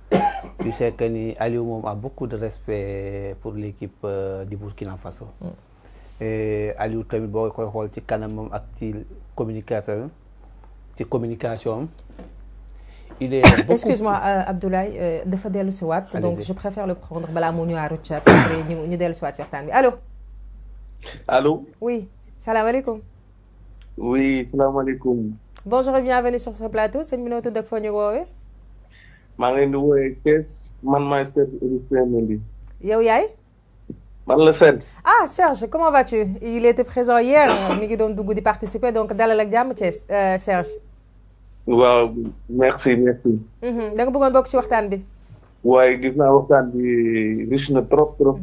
C: [COUGHS] tu sais que Aliou Mom a beaucoup de respect pour l'équipe euh, du Burkina Faso. Mm. et Aliou tamit Boy, koy xool ci kanamam ak ci communication ci communication [COUGHS] excuse-moi
D: euh, Abdoulaye euh, de faire si donc je préfère le prendre Bala moo ñëwaat chat après ñu ñu dellu oui salam alaikum bonjour et bienvenue sur ce plateau C'est le noo tudd ak foo ñu woowee.
K: man maay Serge Mendy. man la Serge.
D: ah Serge comment vas-tu il était présent hier Il hein. ngi doon dugg di participer donc dalal ak jàmm Thiès euh, Serge.
K: waaw merci merci.
D: Mhm, da nga bëggoon bokk ci waxtaan bi.
K: waaye gis naa waxtaan bi riche na trop trop.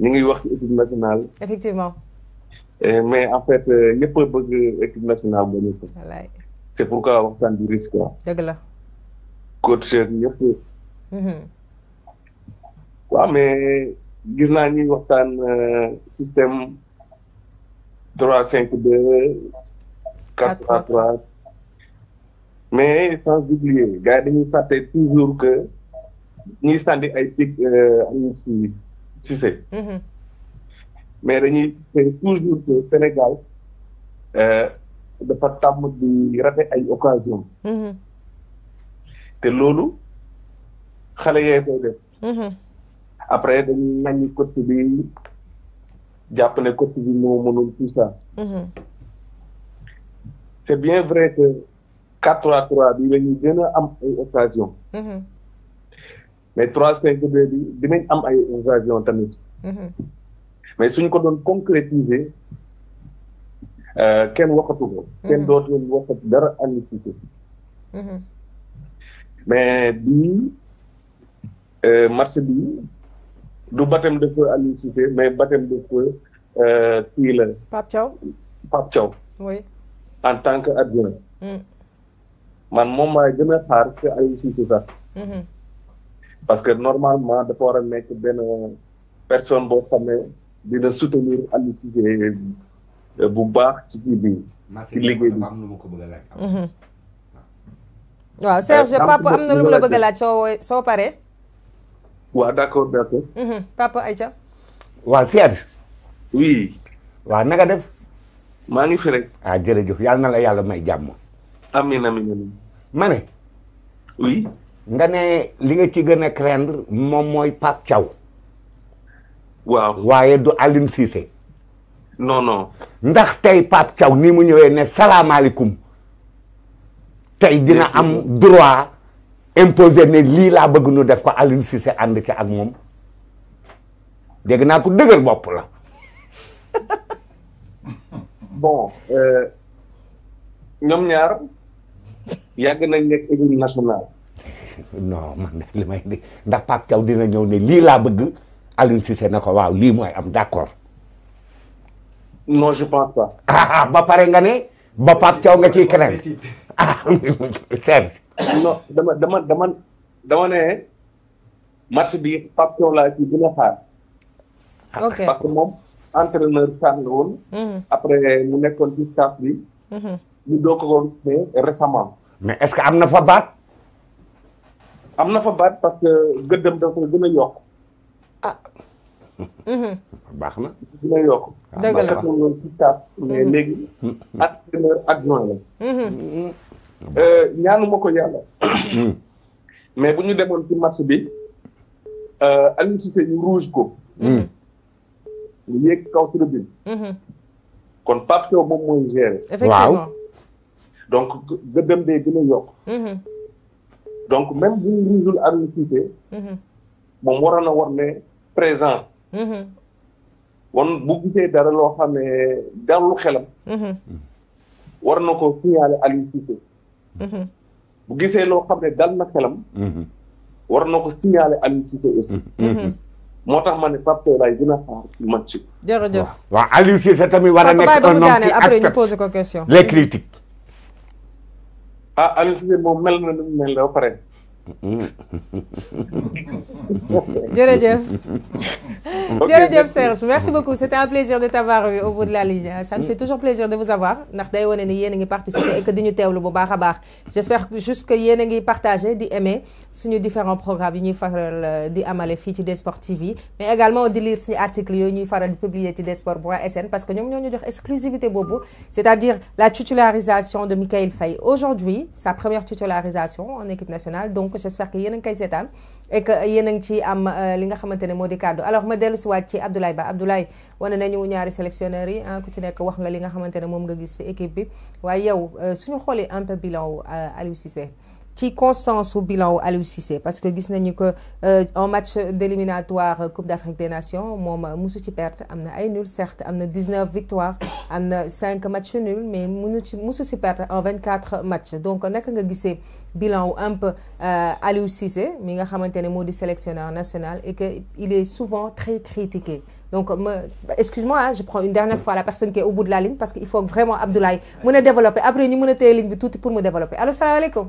K: ñu mhm. ngi wax ci équipe nationale. effectivement. Men apet, yepe boge ekip nasyonal bonen se. Alay. Se fwo ka wak tan di riske. Degla. Kote chen, yepe. Mm-hmm. Kwa men, giznan ni wak tan sistem 3-5-2, 4-3-3. Men, san zibliye, gade ni sate piznourke, ni sante aipik an yon si, si se. Mm-hmm. mais dañuy toujours que Sénégal euh, dafa tàmm di rate ay occasion mm-hmm. te loolu xale yee koy def mm-hmm. après dañuy nañu coach bi jàpp ne coach bi moo mënul tout ça mm-hmm. c' est bien vrai que 4-3-3 bi la ñuy am ay occasion mais 3-5-2 bi dinañ am ay occasion tamit mais suñ ko doon concrétiser euh, kenn waxatu ko. Mm-hmm. kenn dootul waxat dara Aliou Cissé. Mm-hmm. mais bii euh, match bi du baptême de feu Aliou Cissé mais baptême de feu euh, kii la. Pape Thiaw Pape Thiaw. oui en tant que adjoint. Mm. man moom maa gën a xaar que Aliou Cissé sax. Mm-hmm. parce que normalement dafa war a nekk benn personne boo xam ne. dina soutenir Aliou Cissé euh, bu baax ci kii bi. ci liggéey bi mhm. waaw Serge euh, papa am na lu mu la bëgg a laaj
D: soo soo paree.
E: waaw d' accord d' def. maa ngi fi rek. ah jërëjëf na la yàlla may jàmm.
K: amiin amiin
E: amiin. nga ne li nga ci gën a craindre moom mooy Pape Thiaw. waaw waaye du Alioune Cissé. ndax tey Pape Thiaw ni mu ñëwee ne salaamaaleykum. tey dina am droit imposer ne lii laa bëgg nu def ko Alioune Cissé ànd ca ak moom dégg naa ko dëgër bopp la. [LAUGHS]
K: bon euh, ñaar yàgg nañ nekk équipe nationale.
E: non man li may di ndax Pape Thiaw dina ñëw ne lii laa bëgg. Alioune Cissé na ko waaw lii mooy d'accord. non je pense pas. ah [LAUGHS] ba pare nga ne ba Pape Thiaw nga ciy keneen ah [LAUGHS] sérieux. non dama dama dama dama ne
K: Marche bi Pape Thiaw laa ci gën a xaar. ok parce que mon entraîneur Sarr mhm. après mu nekkoon ci staff bi. Mhm. ñu doog ko mais récemment. mais est-ce que am na fa baat. am na fa baat parce que gëddam dafa gën a yokk. ah.
E: Mm-hmm. baax na.
K: dina yokk. dëgg la man ci mm-hmm. Mm-hmm. ak adjoint la. Euh, ñaanu ko yàlla. mais bu ñu demoon ci match bi euh, Aliou Cissé ñu rouge ko. ñu yéeg kaw tribune. kon Pape Thiaw moom mooy gérer. effectivement donc gëddëm day gën a yokk. donc même bu ñu ruujul Aliou moom waroon a war ne. présence. Mm-hmm. won bu gisee dara loo xam ne le xelam. Mm-hmm. war na signaler mm-hmm. bu gisee loo xam ne dal na xelam. war na ko signaler
E: aussi. moo tax ne lay dina xaar ci Allez, jërëjëf waaw Aliou tamit war a nekk un homme
D: qui accepte les
E: critiques.
K: ah Aliou Cissé moom mel na
E: [LAUGHS]
B: jërëjëf
D: Serge merci beaucoup c'était un plaisir de t'avoir euh, au bout de la ligne hein. ça nous mm. fait toujours plaisir de vous avoir j'espère juste que vous avez ngi partager di différents programmes yi ñuy faral euh, di amale de Sport TV mais également au lire suñu articles yooyu ñuy faral di publier ci parce que nous avons une exclusivité c'est-à-dire la titularisation de Michael Faye aujourd'hui sa première titularisation en équipe nationale donc j'espère que vous a et que vous a ngi ci am euh, li alors modèle dellusiwaat ci Abdoulaye Ba Abdoulaye wane nañu ñaari sélectionneurs yi ah, ku ci nekk wax nga li nga xamante ne moom nga gis équipe bi waaye yow euh, suñu xoolee un peu bilan euh, Aliou Cissé Qui constance au bilan à l'UCC parce que nous nañu que euh, en match d'éliminatoire euh, Coupe d'Afrique des Nations moom musu ci perte amna nul certes amna a 19 victoires amna a 5 matchs nuls mais munu ci musu ci en 24 matchs donc on naka nga le bilan un peu euh, Aliou mais mi nga a un mot du sélectionneur national et que il est souvent très critiqué donc excuse-moi hein, je prends une dernière fois la personne qui est au bout de la ligne parce qu'il faut vraiment Abdoulaye Je développer après on a ligne bi pour me développer Salam alaikum.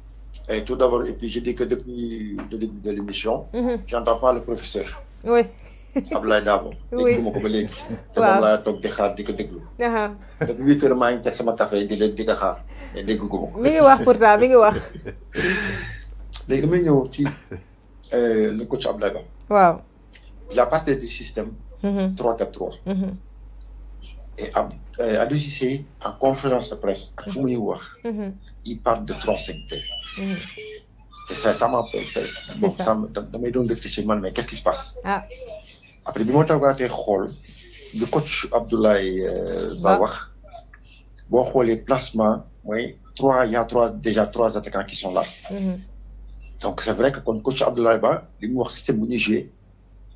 L: Et tout d'abord, et puis j'ai dit que depuis le début de l'émission, mhm. j'entends pas le professeur. Oui. Ablaye Dabo. Oui. déglu ma ko ba léegi. waaw te moom laa toog di xaar di ko déglu.
D: depuis
L: huit heures maa ngi teg sama café di leen di ko xaar mais dégg ko mi ngi wax
D: pourtant mi ngi wax.
L: léegi damay ñëw ci euh, le coach Ablaye Waouh. Il a partie du système. 3-4-3. Mhm. Mhm. et à euh, Aliou en conférence de presse wax. il parle de trois secteurs. Mm. C'est ça, ça m'a bon, ça m'a doon réfléchir mais qu'est-ce qui se passe ah. après bi ma toogaatee xool le coach Abdoulaye euh, Ba wax boo les placements, oui trois il y a trois déjà trois attaquants qui sont là mm-hmm. donc c'est vrai que quand le coach Abdoulaye Ba me suis un système de ñuy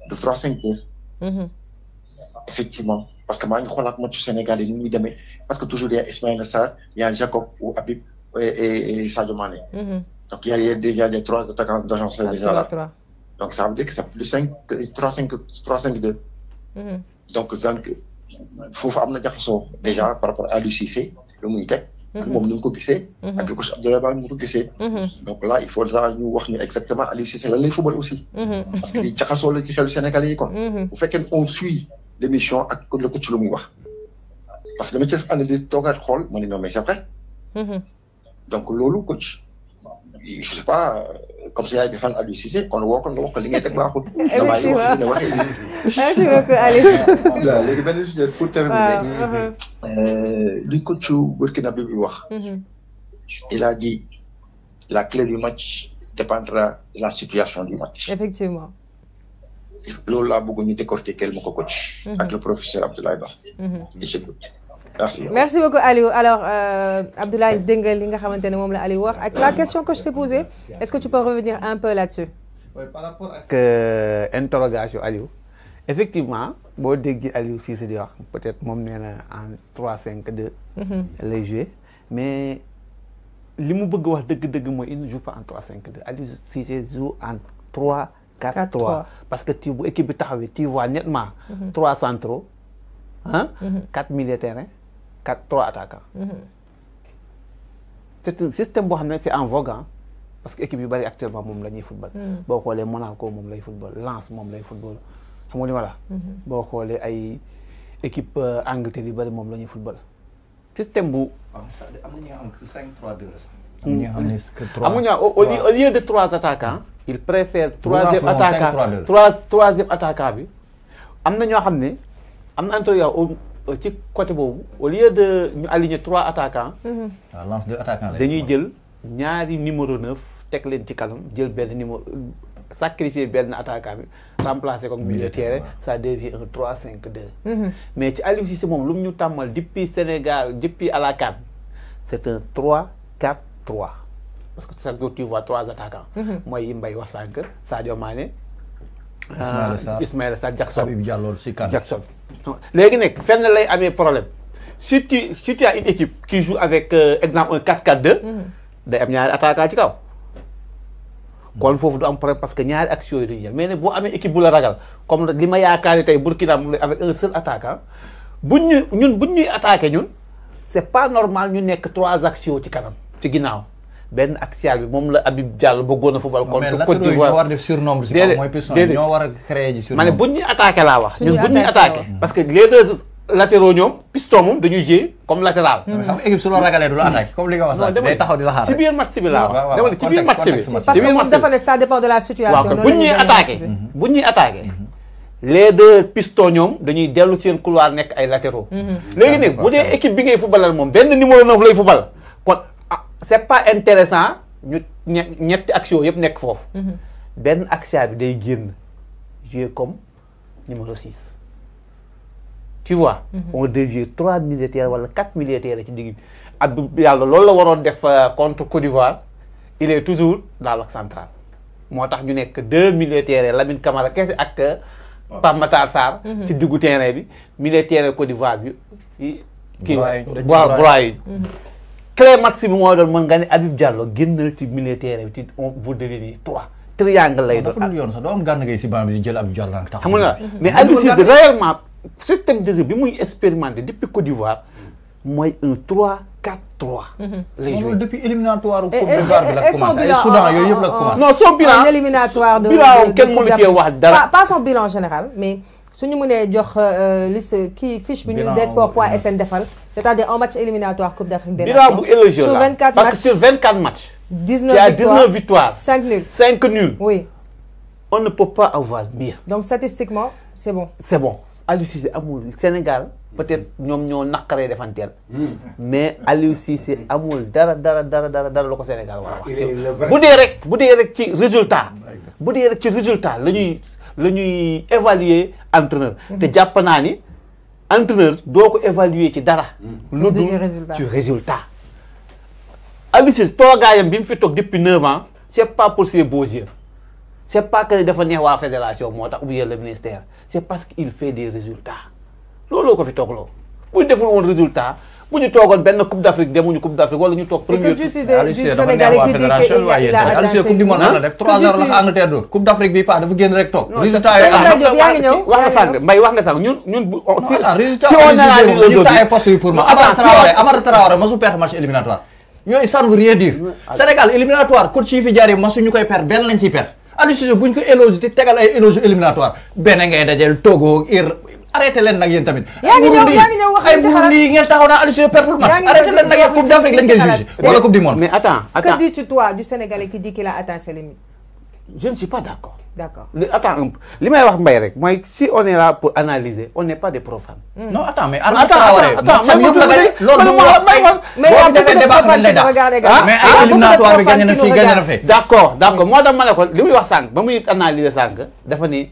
L: de trois cinq ans. Mm-hmm. effectivement parce que maa ngi xoolaat match Sénégal yi ni parce que toujours il y a Ismaël Nassar, il y a Jacob ou Habib et, et Sadio Mané. Mm -hmm. Donc il y, a, il y, a déjà des trois attaquants d'agence ah, déjà 3, là. Donc ça veut dire que c'est plus 5, 3, 5, 3, 5, 2. Mm -hmm. Donc, donc faut faire un garçon déjà mhm. par rapport à l'UCC, le Mouitek. ak moom ko mhm. mhm. donc là il faudra nous voir exactement à Cissé lan lay football aussi. parce que di jaxasoo les ci xelu Sénégalais yi kon. bu fekkee on suit l' avec le coach lu parce que le métier def analyse toogaat xool ma ne non mais c' donc Lolo coach je sais pas euh, comme ça [LAUGHS] merci beaucoup il a dit la clé du match dépendra de la situation du match. effectivement. coach. Mm-hmm. avec le professeur Abdoulaye mm-hmm.
C: Merci.
D: beaucoup, Aliou. Alors, euh, Abdoulaye Dengel, la question que je t'ai posée, est-ce que tu peux revenir un peu là-dessus
C: Oui, par rapport à l'interrogation, euh, Aliou. Effectivement, si peut-être que je en 3, 5, 2, léger, les Mais ce dire, c'est ne joue pas en 3, 5, 2. si je joue en 3, 4, 3. Parce que tu de l'équipe tu vois nettement 3 mhm. centraux. 4 hein? mhm. militaires, de quatre trois attaquants. Mm-hmm. c' est un système boo xam ne c' parce que équipe yu bëri actuellement moom la ñuy football. Mm. boo xoolee Monaco moom lay football Lens moom lay football xam nga li ma la. Mm-hmm. boo xoolee ay équipe euh, Angleterre yu bëri moom la ñuy football. système bu. am na ñu am 5 3 2 am na am na au lieu de trois attaquants. il préfère troisième attaquant trois troisième attaquant bi. am na ñoo xam ne am na au lieu de aligner trois attaquants. Mhm. Ah, lance deux attaquants numéro neuf ci numéro sacrifier attaquant remplacer comme milieu ça devient un 3-5-2. Mhm. mais ci Aliou Cissé lu ñu depuis Sénégal depuis à c'est un 3-4-3 parce que tu vois trois attaquants. Mhm. mooy Mbaye wax Sadio
J: euh,
C: Ismaïla Sarr Jackson Habib Diallo si Jackson Légui nek fenn lay amé problème si tu si tu as une équipe qui joue avec euh, exemple un 4-4-2. Mhm. day am ñaar attaquant ci kaw. kon fofu du am problème parce que ñaari action yooyu mais nag boo équipe bu la ragal comme li ma yaakaar ni Burkina avec un seul attaquant buñ ñu ñun buñ ñuy attaquer ñun c'est pas normal ñu nek trois actions ci kanam ci ginnaaw. benn ak siyaag bi moom la Habib Diallo bëggoon a football contre Côte d'Ivoire ñoo a laa wax ñun buñ ñuy attaqué parce que les deux ñoom piston moom dañuy jouer comme latéral xam équipe su la ragalee wax day ci biir match bi laa wax dama ne ci biir match bi parce que moom dafa
D: ne ça dépend de la situation buñ ñuy attaqué
C: mhm. buñ ñuy attaqué mhm. les deux pistons ñoom dañuy dellu seen couloir nekk ay latéraux mhm. léegi nag bu dee équipe bi ngay footballal moom benn c'est pas intéressant ñu ñetti action yépp nek fofu mhm. ben action bi day génn jouer comme numéro 6. tu vois. Mhm. on devient 3 militaires wala 4 militaires ci digg bi Abdou yalla loolu la waroon def euh, contre Côte d'Ivoire il est toujours dans l'axe central. motax ñu nek 2 militaires Lamine Camara kese ak euh, Pape Matar sar mhm. ci digu terrain bi militaire Côte d'Ivoire bi. kii Broye Broye. clé match bi moo doon mën nga ne Habib Diallo génnal ci milieu terrain bi ci triangle lay doon. dafa yoon sax doo am gànn ngay si banc bi di jël Habib Diallo tax. de jeu bi muy expérimenté depuis Côte d'Ivoire mooy un 3 4 3. lay joué depuis
D: éliminatoire Coupe Soudan euh, yooyu yëpp la euh, commencé. non son bilan éliminatoire de
C: bilan kenn mënu wax dara.
D: pas son bilan général suñu mënee jox euh, euh, liste kii fiche bi ñu des point sn defal c'est-à-dire en match éliminatoire Coupe d'Afrique des Nations sur 24
C: matchs sur 24 matchs 19 victoires, 5 nuls 5 nuls oui on ne peut pas avoir mieux donc statistiquement c'est bon c'est bon Aliou Cissé amul Sénégal peut-être ñoom ñoo naqaree defanteel hmm. mais Aliou Cissé amul dara dara dara dara dara lu ko Sénégal war a wax bu rek bu rek ci résultat bu dee rek ci résultat la ñuy évaluer entraîneur mhm. te jàpp naa entraîneur doo ko évaluer ci dara mhm. lu dul ci résultat Aliou Cissé toogaayam bi mu fi toog depuis 9 ans c'est pas pour ses beaux yeux c'est pas que dafa neex waa fédération moo ou bien le ministère c'est parce qu'il fait des résultats Lolo ko fi toog Pour bu deful woon résultat bu ñu toogoon benn Coupe d'Afrique demuñu Coupe d'Afrique wala ñu toog premier tour Aliou Coupe du monde la def ah. trois heures la Angleterre doon Coupe d'Afrique bi pas dafa génn rek toog résultat yi
A: wax nga sànq mbay wax nga sànq ñun ñun si on analyse résultat yi poste yi pour moi Amara Traoré Amara Traoré masu perte match éliminatoire yooyu ça ne veut rien dire Sénégal éliminatoire coach yi fi jaar yi masu ñu koy perte benn lañ ciy perte Aliou Cissé bu ñu ko éloge di tegal ay éloge éliminatoire benn ngay dajel Togo Ir arrêté leen nag yéen tamit. yaa ngi ñëw yaa ngi
D: ñëw wax ci xalaat ay ngeen taxaw naa Aliou performance arrêté leen nag yéen coupe d'Afrique lañ koy jugé wala coupe
C: du monde. mais attends attends que
D: dis-tu toi du sénégalais qui dit qu'il a atteint ses limites.
C: je ne suis pas d'accord. d'accord li attends un peu li may wax Mbaye rek mooy si on est là pour analyser on n'est pas des profanes.
D: Hmm. non attends mais. Arma
C: Traoré moom mais mais ah, ah, d'accord d'accord moo tax ma ne ko li muy wax sànq ba muy analyser sànq dafa ni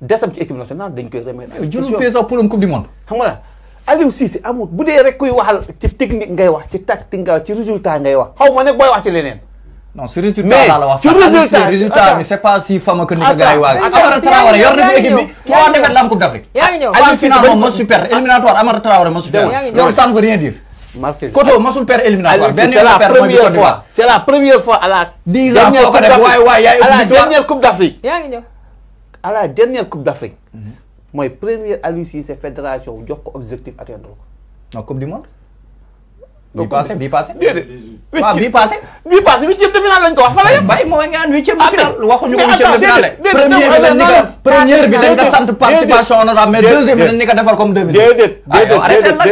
C: desam ci équipe nationale dañ koy remettre. jëlul PSA
A: pour am coupe du monde.
C: bu dee rek kuy waxal ci technique ngay wax ci tactique ngay wax xaw ma ne booy wax ci leneen. non si résultat laa la wax.
A: mais si fama que ni ko gars yi waage. Amara Traoré yor na fi équipe bi trois la am coupe d'Afrique. yaa ngi ñëw Aliou Cissé Koto masul père éliminatoire benn yoon père mooy Côte d'Ivoire.
C: c'est la première fois à la. à la dernière coupe d'Afrique, d'Afrique, le premier première l'UCI, la fédération j'ai a objectif atteindre la coupe du monde. bii passé bii passé. déedéet huitième
A: bii passé. bii passé huitième de finale lañ ko wax fa la mooy nga naan huitième de de finale. première bi dañ ni ko première bi dañ ko bi dañ ni ko defal comme deux minutes. déedéet déedéet arrêté ne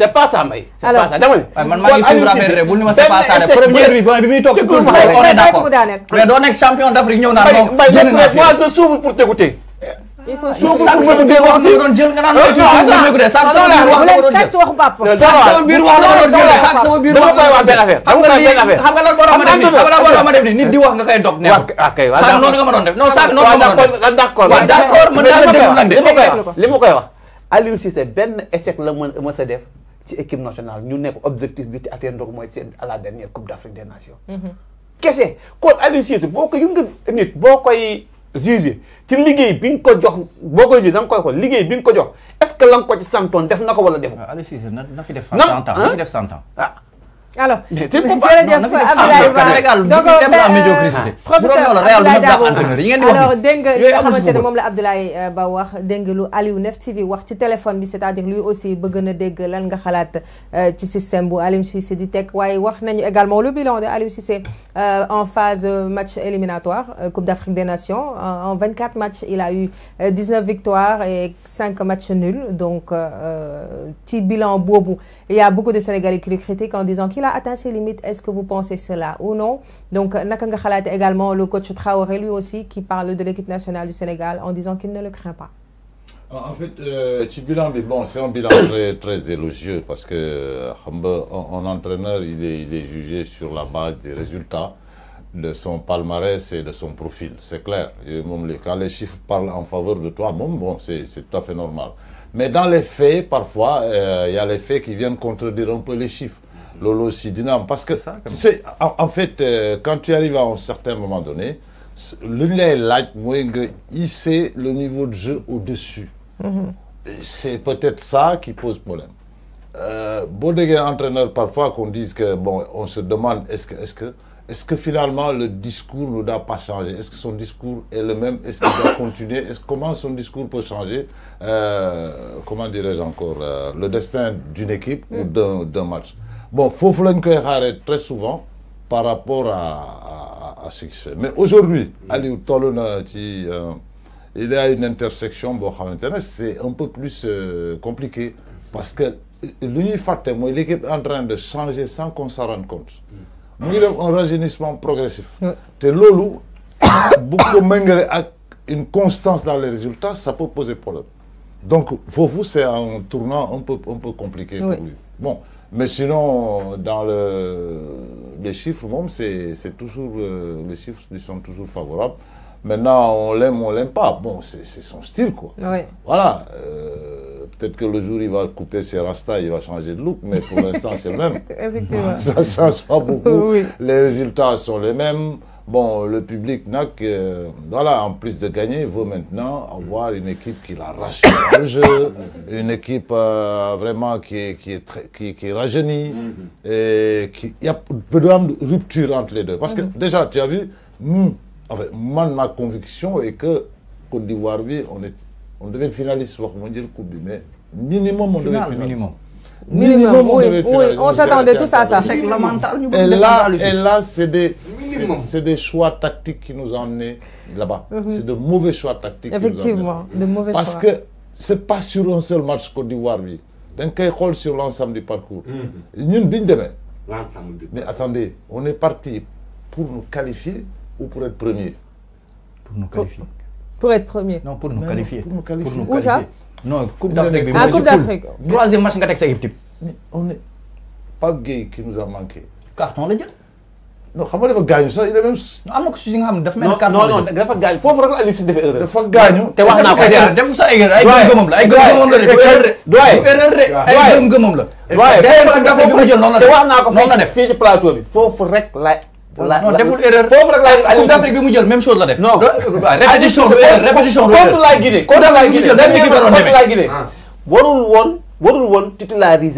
C: ça ne. man maa ngi suivre affaire rek bu ni ma c'est
A: pas ça première bi bi muy toog si on est d'accord mais doo nekk champion d'Afrique ñëw naan moom. Mbaye
B: moi je s'ouvre pour il faut soo ko mën a wax nga doon jël nga naan mooy tuuti sànq sama biir wax sama biir wax la sama biir wax dama koy wax
C: benn affaire
A: xam nga lii xam nga lan borom ma def nii xam nga lan borom ma def nii nit di wax nga koy dog ne kay sànq noonu nga ma doon def non sànq noonu nga ma doon def d'accord d'accord man daal la déglu nag de li
C: ma koy wax Aliou Cissé benn échec la mën mën sa def ci équipe nationale ñu nekk objectif bi ci atteindre mooy seen à la dernière coupe d'Afrique des nations mhm. kese kon Aliou Cissé boo ko yu nga nit boo koy jugé ci liggéey bi ko jox boo koy jugé koy liggéey bi ko jox est-ce que la nga ko ci na ko wala def. waaw euh, Aliou Cissé na fi def. na na fi def cent ans. ah alors jërëjëf
D: Abdoulaye Ba donc euh, professeur Abdoulaye Dabo alors dégg nga li nga xamante ne moom la Abdoulaye euh, Ba wax dégg Aliou Nef TV wax ci téléphone bi c'est-à-dire lui aussi bëgg na dégg lan nga xalaat euh, ci système bu Aliou Cissé di teg waaye wax nañu également le bilan de Aliou Cissé en phase match éliminatoire Coupe d'Afrique des Nations en 24 matchs il a eu 19 victoires et 5 matchs nuls donc ci bilan beau il y a beaucoup de Sénégalais qui le critiquent en disant qu'il atteint ses limites Est-ce que vous pensez cela ou non Donc, Nakanga Khalat également, le coach Traoré, lui aussi, qui parle de l'équipe nationale du Sénégal en disant qu'il ne le craint pas.
F: Ah, en fait, euh, bon, c'est un bilan [COUGHS] très, élogieux parce que un, entraîneur, il est, jugé sur la base des résultats de son palmarès et de son profil, c'est clair. quand les chiffres parlent en faveur de toi, bon, c'est tout à fait normal. Mais dans les faits, parfois, euh, il y a les faits qui viennent contredire un peu les chiffres. Lolo Sidinam. Parce que, en, fait, euh, quand tu arrives à un certain moment donné, l'une des il sait le niveau de jeu au-dessus. Mhm. C'est peut-être ça qui pose problème. Euh, entraîneur, parfois, qu'on dise que, bon, on se demande, est-ce que, est que, est que finalement le discours ne doit pas changer Est-ce que son discours est le même Est-ce qu'il doit [COUGHS] continuer Comment son discours peut changer euh, Comment dirais-je encore euh, Le destin d'une équipe ou mm. d'un match bon faut que koy très souvent par rapport à à ce qui se fait mais aujourd'hui allez euh, il y a une intersection c'est un peu plus euh, compliqué parce que lu l'équipe est en train de changer sans qu'on s'en rende compte Il y a un rajeunissement progressif C'est beaucoup [COUGHS] bu ko une constance dans les résultats ça peut poser problème donc vous, c'est un tournant un peu un peu compliqué pour lui bon mais sinon, dans le, les chiffres, c'est toujours, euh, les chiffres lui sont toujours favorables. Maintenant, on l'aime, ou on l'aime pas. Bon, c'est son style, quoi. Voilà. Euh, peut-être que le jour il va couper ses rastas, il va changer de look, mais pour l'instant, c'est le même. [LAUGHS] Ça ne change pas beaucoup. [LAUGHS] Les résultats sont les mêmes. Bon, le public n'a que... voilà, en plus de gagner, il maintenant avoir une équipe qui la rassure le jeu, une équipe euh, vraiment qui est, qui est, qui, rajeunie. Mhm. et il y a peu de rupture entre les deux. Parce que mhm. déjà, tu as vu, enfin, ma conviction est que Côte d'Ivoire, on, est, on devait finaliste, on le coup, mais minimum, on devait finaliste. Minimum, oui, on s'attendait tous à ça.
D: Et
F: là, et là c'est des, choix tactiques qui nous ont là-bas. Mhm. C'est de mauvais choix tactiques. Effectivement, de mauvais Parce choix. Parce que c'est pas sur un seul match Côte d'Ivoire, oui. sur l'ensemble du parcours. Nous, mm -hmm. Mais attendez, on est parti pour nous qualifier ou pour être premier Pour nous qualifier.
D: Pour, être premier Non, pour nous, qualifier. Pour nous qualifier. Pour nous qualifier. Où ça
F: non coupe d'Afrique bi. ah coupe d'Afrique troisième match nga teg sa équipe type. on est Pape Gueye qui nous a manqué. carton la jël. non xam nga dafa gaañu sax il est même. am na ko suñu nga xam ne dafa mel ni carton non non dafa gaañu foofu rek
C: la Aliou Cissé defee erreur. dafa gaañu te wax naa ko def sa ay gëm-gëmam la ay gëm-gëmam la de. doye doye ay gëm-gëmam la. doye doye te wax naa ko fii ci plateau bi
A: foofu rek la. non deful erreur foofu rek laay Coupe d'Afrique ah.
C: woon warul woon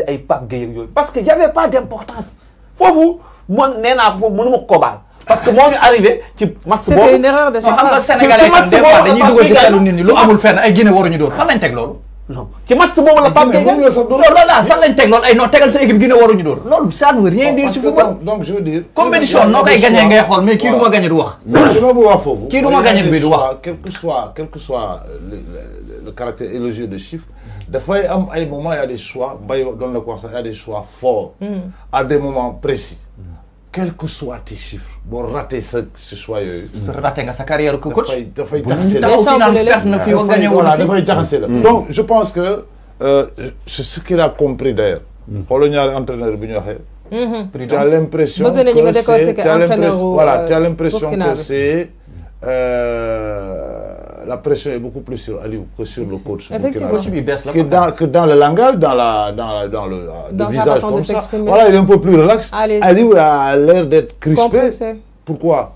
C: ay Pape Gueye yooyu parce que y avait pas d'importance foofu man nee naa ko foofu mënuma ko baal parce que moo ñu arrivé ci match boobu. c'était une erreur de xam dugal ci xelu nit ñi amul fenn ay Guinée waruñu doon fan lañ teg loolu. non
A: ça veut rien dire donc je veux
F: dire compétition mais qui gagner quel que soit quel que soit euh, le caractère élogieux de chiffre des fois, ay moments y a des choix Bayo y a des choix forts hmm. à des moments précis quel que soit tes chiffres boo raté ce ce choix yooyu. [LAUGHS] raté sa carrière que coach. dafay jaxase mm. donc je pense que euh, c'est ce qu'il a compris d'ailleurs. Mm. le entraîneur bi ñu
B: tu tu as l'impression que
F: c'est euh, la pression est beaucoup plus sur Aliou que sur le coach. Effectivement. Que dans, que dans le langage, dans, la, dans, dans le, visage comme ça. Voilà, il est un peu plus relax. Allez. Aliou a l'air d'être crispé. Pourquoi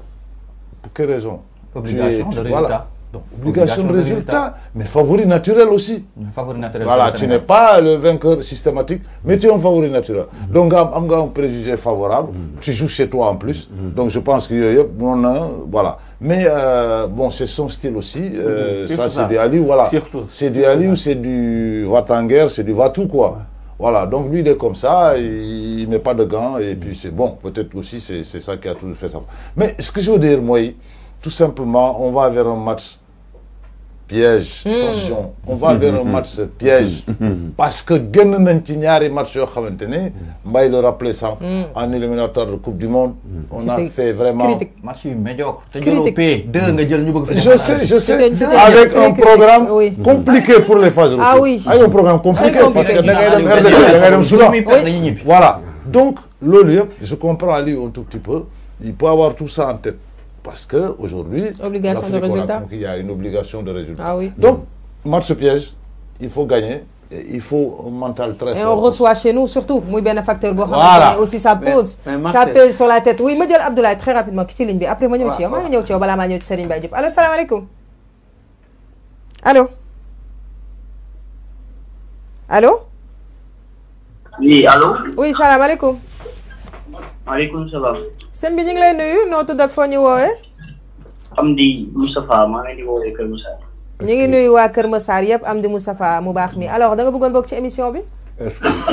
F: Pour quelle raison Obligation tu tu, de résultat. Voilà. Donc, obligation, de, résultat, mais favori naturel aussi.
A: Favori naturel. Voilà, tu n'es
F: pas le vainqueur systématique, mais tu es un favori naturel. Mm. Donc, on un préjugé favorable, mm. tu joues chez toi en plus. Mm. Donc, je pense que mon voilà. Mais euh, bon, c'est son style aussi. Euh, ça, c'est du Ali, voilà. C'est du Ali ou c'est du Vatanguer, c'est du Vatou, quoi. Voilà, donc lui, il est comme ça, il, n'est met pas de gants, et puis c'est bon. Peut-être aussi, c'est ça qui a toujours fait ça. Mais ce que je veux dire, moi, tout simplement, on va vers un match piège. Attention, hmm. on va vers un match hmm. piège. Hmm. Parce que gagner un match au Khavantene, le rappelait ça, en éliminatoire de Coupe du Monde, on a fait vraiment.
A: Je
F: sais, je sais. Avec un programme compliqué pour les phases Ah oui. Avec ah, un programme compliqué parce que ah, RDC, Soudan. Voilà. Donc, le lieu, je comprends lui un tout petit peu. Il peut avoir tout ça en tête parce qu'aujourd'hui, il y a une obligation de résultat. Ah Donc, marche piège, il faut gagner. il faut un mental très fort. Et on
D: reçoit chez nous surtout, muy le facteur Bohan. aussi ça pose ça pèse sur la tête. Oui, ma Abdoulaye très rapidement après ma ñëw ci ma ñëw ci bala ma salam alaikum. Allô Allô Oui, allô Oui, salam alaykoum.
M: maaleykum salaam.
D: sëñ bi ñu ngi lay nuyu noo tudd ak foo ñu woowee.
M: Amdi Moustapha maa ngi di woowee Kër Massar.
D: ñu ngi nuyu waa Kër Massar yëpp Amdi Moustapha mu baax mi alors da nga bëggoon bokk ci émission bi.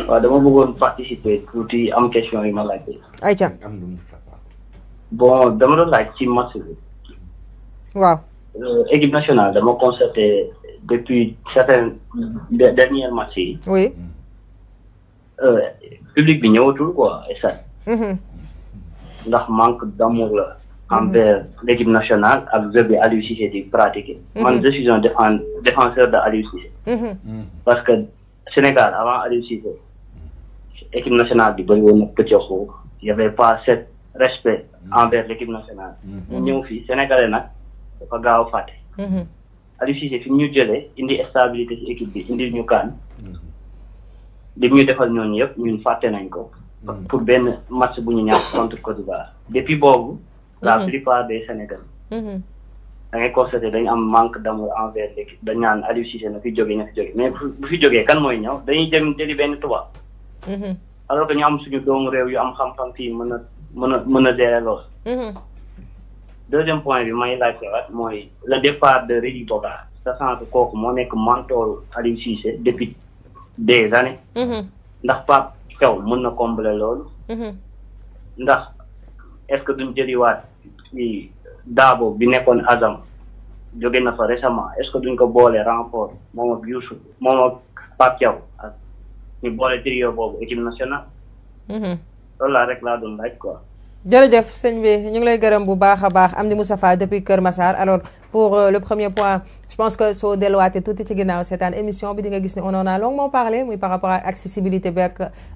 M: waaw dama bëggoon participer tuuti am question yi ma laajte. ayca. bon dama doon laaj ci match bi. waaw. Euh, équipe nationale dama constaté depuis de derniers matchs yi. oui. Euh, public bi ñëwatul quoi stade. ndax manque d'amour la envers mhm. l'équipe nationale ak jeu bi Aliou Cissé di pratiquer mhm. man je de Aliou Cissé mhm. parce que Sénégal avant Aliou Cissé équipe nationale bi bëri woon na pëccaxoo y avait pas cet respect envers l'équipe nationale ñu ñëw fii sénégalais nag dafa gaaw fàtte Aliou Cissé fi ñu jëlee indi stabilité ci équipe bi indi ñu kaan li ñu defal ñooñu yëpp ñun fàtte nañ ko Mm. pour benn match bu ñu ñàkk contre Côte d'Ivoire. depuis boobu. la mm-hmm. plupart des Sénégalais. Mm-hmm. da ngay constater dañu am manque d'amour envers l'équipe dañ naan Aliou Cissé na fi jógee na fi jógee mais bu fi jógee kan mooy ñëw dañuy jëm jëli benn tubaab. Mm-hmm. alors que ñu am suñu doomu réew yu am xam-xam fii mën a mën a mën a gérer lool. deuxième point bi may laaj waat mooy le départ de Rédi Boga. sachant que kooku moo nekk mentor Aliou Cissé depuis des années. ndax Pape xew mën na combler loolu. Mhm. ndax est-ce que duñ jëliwaat daaboo bi nekkoon Azam jóge na fa récemment est-ce que duñ ko boole renfort moom ak Youssouf moom ak Pape Thiaw ak ñu boole trio boobu équipe nationale. Mhm. loolu laa rek laa doon laaj quoi.
D: jërëjëf sëñ bi ñu ngi lay gërëm bu baax a baax am Amdy Moustapha depuis Kër Massar alors. pour euh, le premier point je pense que soo delluwaatee tout émission on en a longuement parlé par rapport à accessibilité le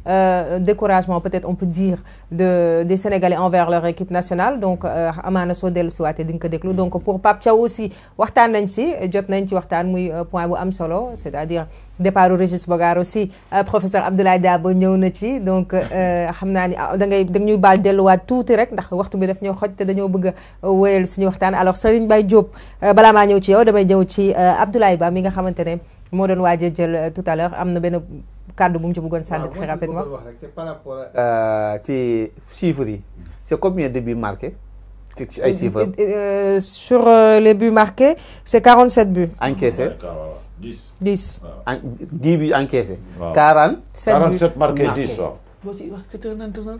D: euh, découragement peut-être on peut dire de des Sénégalais envers leur équipe nationale donc euh, pour aussi jot point c'est-à-dire départ Régis Bogar aussi professeur Abdoulaye donc Euh, bala ma ñew ci yow damay ñew ci euh, Abdoulaye Ba mi nga xamantene mo doon waaj jël euh, tout à l'heure amna ben cadeau bu mu ci bëggon sànni très rapidement wax
C: c'est par rapport ci chiffre yi c'est combien de buts marqués ci ay chiffres
D: sur les buts marqués c'est 47 buts
C: encaissés 10 10 10 buts encaissés 47 marqués 10 c'est un entraîneur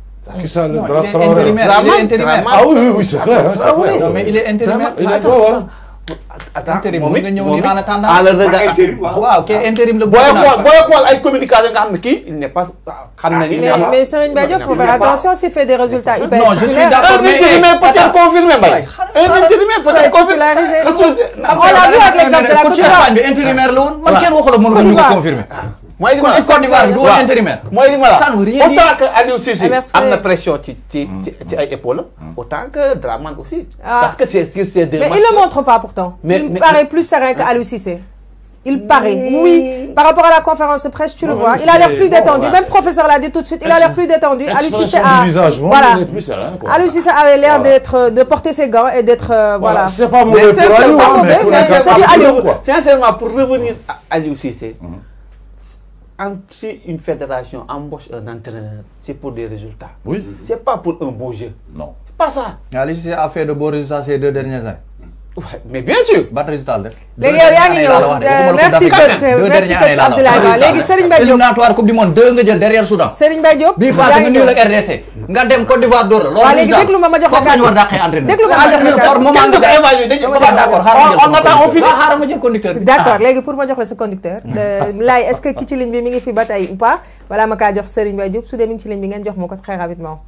C: c'est ah, ça le Il est Ah, ah oui, c'est clair. mais il est intérimaire. Il est attends, attends. il n'est pas ah, mais Serigne il faut faire attention
D: s'il fait des résultats hyper non je suis d'accord un intérimaire peut être
C: confirmé un intérimaire peut être confirmé. on a vu avec l'exemple de la intérimaire moi il ma la Côte d'Ivoire du woon Moi, il autant que Aliou Cissé am la pression ci hmm. ci ci ay épaules. Hmm. autant que Draman aussi. Ah. parce que c'est sur ces mais il le
D: montre pas pourtant. il paraît plus serein que hmm. Aliou Cissé. Il paraît, oui. Par rapport à la conférence de presse, tu le vois. Il a l'air plus détendu. Même le professeur l'a dit tout de suite, il a l'air plus détendu. Cissé
F: a, voilà.
D: Cissé avait l'air d'être, euh, de porter ses gants et d'être, euh, voilà. C'est pas mauvais pour
C: Aliou. C'est Sincèrement, pour revenir à Aliou Cissé, si une fédération embauche un entraîneur, c'est pour des résultats. Oui. C'est pas pour un beau jeu. Non. C'est pas ça.
A: Allez, c'est a fait de beaux résultats ces deux dernières années. mais bien sûr. ban résultat la def. léegi yow yaa ngi ñëw eh, merci coach merci coach Abdoulaye Ba léegi Serigne Mbaye Diop éliminatoire coupe du monde deux nga jël derrière Soudan. Serigne Mbaye Diop bii paase nga nuyu la RDC. nga dem Côte d'Ivoire door la. waaw léegi déglu ma ma jox la kàddu war dàqee entraînement. déglu ma ma jox la kàddu kenn du ko
D: évaluer dañuy ba d'accord xaaral ma jël conducteur bi. d'accord ah. léegi pour ma jox la sa conducteur. Hmm. Ah. Laye est-ce que ki ci ligne bi mi ngi fi ba tey ou pas. balaa ma kaa jox Serigne Mbaye Diop su dee mi ngi ci ligne bi ngeen jox ma ko très rapidement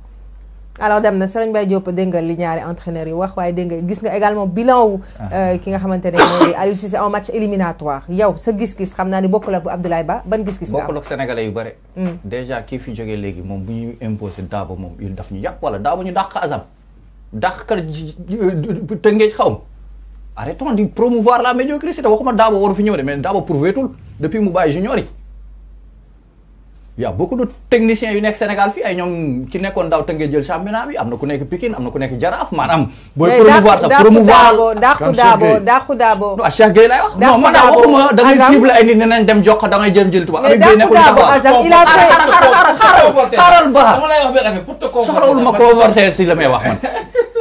D: alors dem na Serigne Baye Diop dengal li ñaari entraîneur yi wax waaye dégg gis nga également bilan wu ah. euh, ki nga xamante ne mooy Aliou Cissé en match éliminatoire yow sa gis-gis xam naa ni bokkul ak bu Abdoulaye Ba ban gis-gis nga bokkul
A: ak sénégalais yu bare hmm. déjà kii fi jógee léegi moom bu ñuy imposé daaba moom il daf ñu yàq wala daaba ñu dàq azam dàq kar tëngeej xawm arrêtons di promouvoir la médiocrité waxuma daaba waru fi ñëw de mais daaba prouvé tul depuis mu bàyyi junior yi y' a beaucoup de techniciens nekk Sénégal fii ay ñoom ki nekkoon daaw tëngee jël championnat bi am na ku nekk Pikine am na ku nekk Jaraaf maanaam. booy promouvoir sax promouvoir dàqu daabo
D: dàqu daabo. waaw Cheikh Gueye laay wax. man daa waxuma da ngay cible ay
A: nit ne dem jox da ngay jëm jël tubaab. mais dàqu a Azam a fait
C: ko war
A: si la may wax man.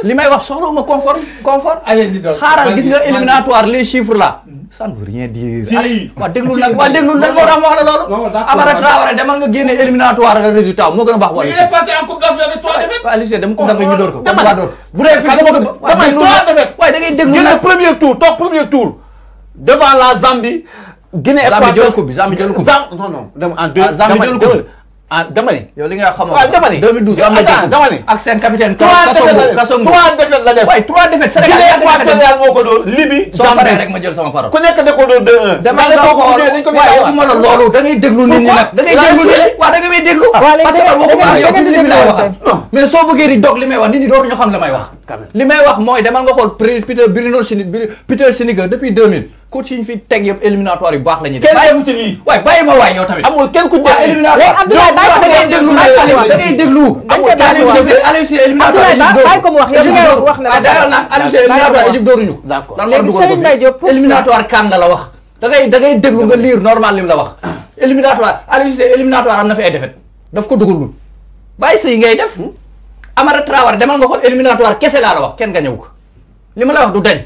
A: li
C: may wax soxla ma confort confort. allez-y donc xaaral gis nga éliminatoire
A: san chiffres là. ça ne veut rien dire. si waa déglu nag waa déglu nag moo tax ma wax la loolu. Amara Traoré demal nga génne éliminatoire ak résultat moo gën a baax. wala il est
C: passé en coupe d'Afrique avec trois défaites. waaw Aliou dem coupe d'Afrique ñu door ko. dama la bu dee fii dama ko dama trois défaites. waaye da ngay déglu nag premier tour toog premier tour devant la Zambie. Guinée Équatoriale Zambie jël coupe bi Zambie jël coupe bi. non non ah dama ne. yow li nga xamoon waaw ah, dama ne 2012 am na dama ne ak seen capitaine. Kassongo trois défaites la def waaye trois défaites Sénégal Équatorial moo ko dóor soo paree rek ma jël sama parole ku nekk da ko dóor deux un dama la ko xool waaye waxuma
A: soo bëggee di dog li may nit ñi dootuñu xam la may wax quand li may wax mooy demal nga xool Peter Bruno Sini Peter Siniga depuis 2000 coach yi ñu fi teg yëpp éliminatoire yu baax la ñuy bàyyi ma waay yow tamit.
I: la dara naan
A: Aliou Cissé éliminatoire am na fi ay défaite daf ko dugalul bàyyi sa yi ngay def Amara Traoré demal nga xool éliminatoire kese laa la wax kenn gañewu ko li ma la wax du dañ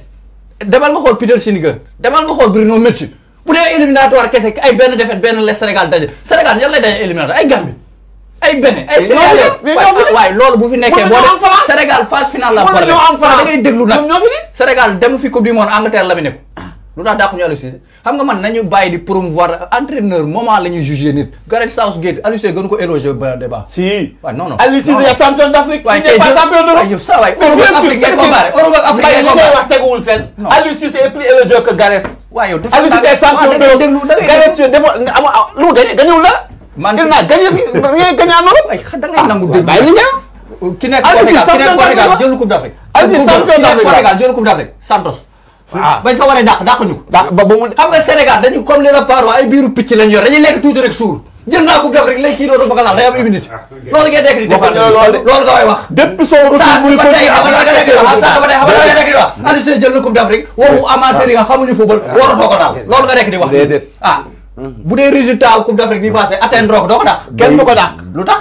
A: demal nga xool Peter Schnittger demal nga xool Bruno Metsu bu dee éliminatoire kese ay benn défaite benn les Sénégal daje Sénégal yan lay daje éliminatoire ay Gambie ay Bénin ay Sierra Leone waaye loolu bu fi nekkee boo de Sénégal phase finale la am da ngay déglu nag Sénégal dem fi coupe du monde Angleterre la mi nekk lu tax dàqu ñu Aliou Cissé xam nga man nañu bàyyi di promouvoir entraîneur moment la ñuy jugé nit. Gareth Southgate Aliou Cissé gën ko éloger ba débat. si waaw non non Aliou
G: Cissé ya champion d'Afrique. waay tey jërëjëf saa waay Europe lu mu
C: gagné la. man il n'a gagné gagné en Europe. ay
A: da ngay nangu ah, dégg bàyyi li Santos Ah. bañ ko war a dàq dàq ñu dàq ba mu am nga Sénégal dañu comme les Leparois ay biiru picc lañ yor dañuy lekk tuuti rek suur jël naa ko def rek léegi kii doon ba laal day am immunité ah, loolu ngay dekk di defar loolu nga way wax depuis son retour muy ko di amal nga dekk di wax sa ba day xamal nga dekk di wax hmm. Aliou jël na coupe d'Afrique waxu hmm. amateur yi nga xamuñu football hmm. waratoo ko daal loolu nga dekk di wax ah bu dee résultat coupe d'Afrique bi passé atteindre ko doo ko dàq kenn du ko dàq lu tax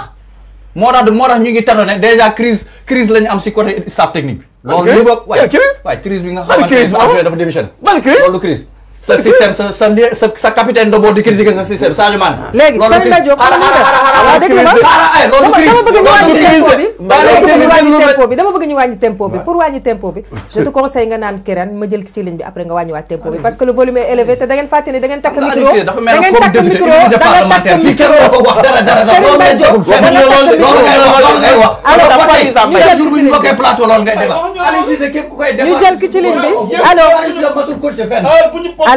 A: moo tax moo tax ñu ngi tano ne déjà crise crise lañu am si côté staff technique bi loolu li ba waaye crise bi nga xamante ne dafa démission. ban crise loolu crise sa système sa capitaine de bord di critiquer sa système léegi Sadio Mané Diop
M: xaaral xaaral xaaral déglu ma
A: dama
D: dama bëgg ñu wàññi tempo bi pour wàññi tempo bi je te conseille nga naan Kéran ma jël ki ci bi après nga wàññi waat tempo bi parce que le volume est élevé te da ngeen fàtte ne da ngeen takk micro da ngeen takk
A: ñu jël ki ci bi alors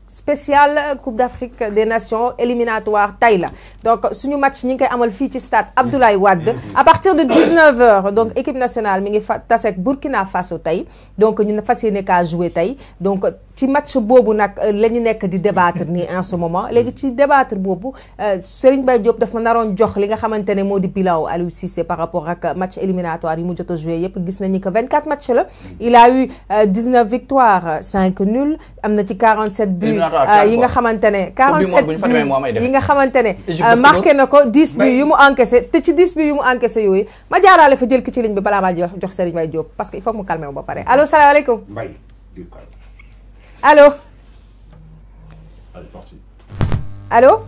D: spécial Coupe d'Afrique des Nations éliminatoire Thaïlande. donc suñu match ñi ngi koy amal ci stade Abdoulaye Wade mm-hmm. Mm-hmm. à partir de 19h donc équipe nationale mi ngi fa Burkina Faso tey donc ñu ne yéene jouer tey donc ci match bobu nak euh, lañu nek di débattre ni en ce moment mm. légui ci débattre boobu euh, Serigne Baye Diop daf ma naroon jox li nga xamantene ne moo di Aliou Cissé par rapport ak match éliminatoire yi mu jot a joué yëpp gis nañu que 24 matchs la mm. il a eu 19 euh, victoires 5 nuls amna ci 47 buts yi nga xamantene 47 yi nga xamantene marqué nako 10 buts yu mu encaissé té ci 10 buts yu mu encaissé yoy ma jaaraale fa jël ci ligne bi bala maa jox Serigne Baye Diop parce que il faut mu calmé wu ba pare allo salaamaaleykum Allô Allez, parti. Allô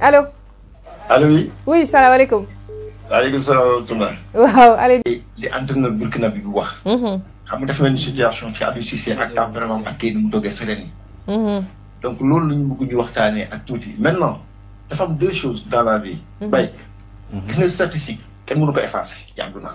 D: Allô Allô, oui Oui, salam alaikum.
L: aleykum salam wa rahmatulah.
D: waaw Aliou.
L: li entraîneur Burkina bi wax. Mhm. xam nga def nañu situation ci Aliou Cissé ak tempérament ak kii nu mu dogee sereen yi. Mhm. donc loolu la ñu bëgg ñu waxtaanee ak tuuti maintenant dafa am deux choses dans la vie. -hmm. -hmm. gis nga statistique kenn mënu ko effacer ci àdduna.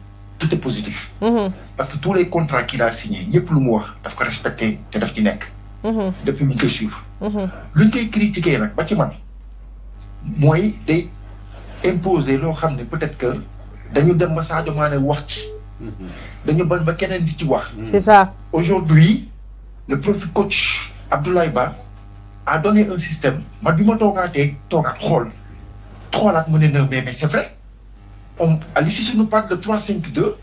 L: tout est positif. Mm-hmm. parce que tous les contrats qu'il a signés il lu a plus moi, ko respecté te daf ci nekk. Mm-hmm. depuis que je suis. suivre. Mm-hmm. luñ koy critiquer critiques ba ci man moi j'ai imposer peut-être que dañu dem ba Sadio Mané wax ci. dañu ban ba di ci c'est ça. aujourd'hui le prof coach Abdoulaye Ba a donné un système man bi ma toogaatee toogaat xool xoolaat trois lettres de mais mais c'est vrai on, à l'issue, nous parle de 3-5-2,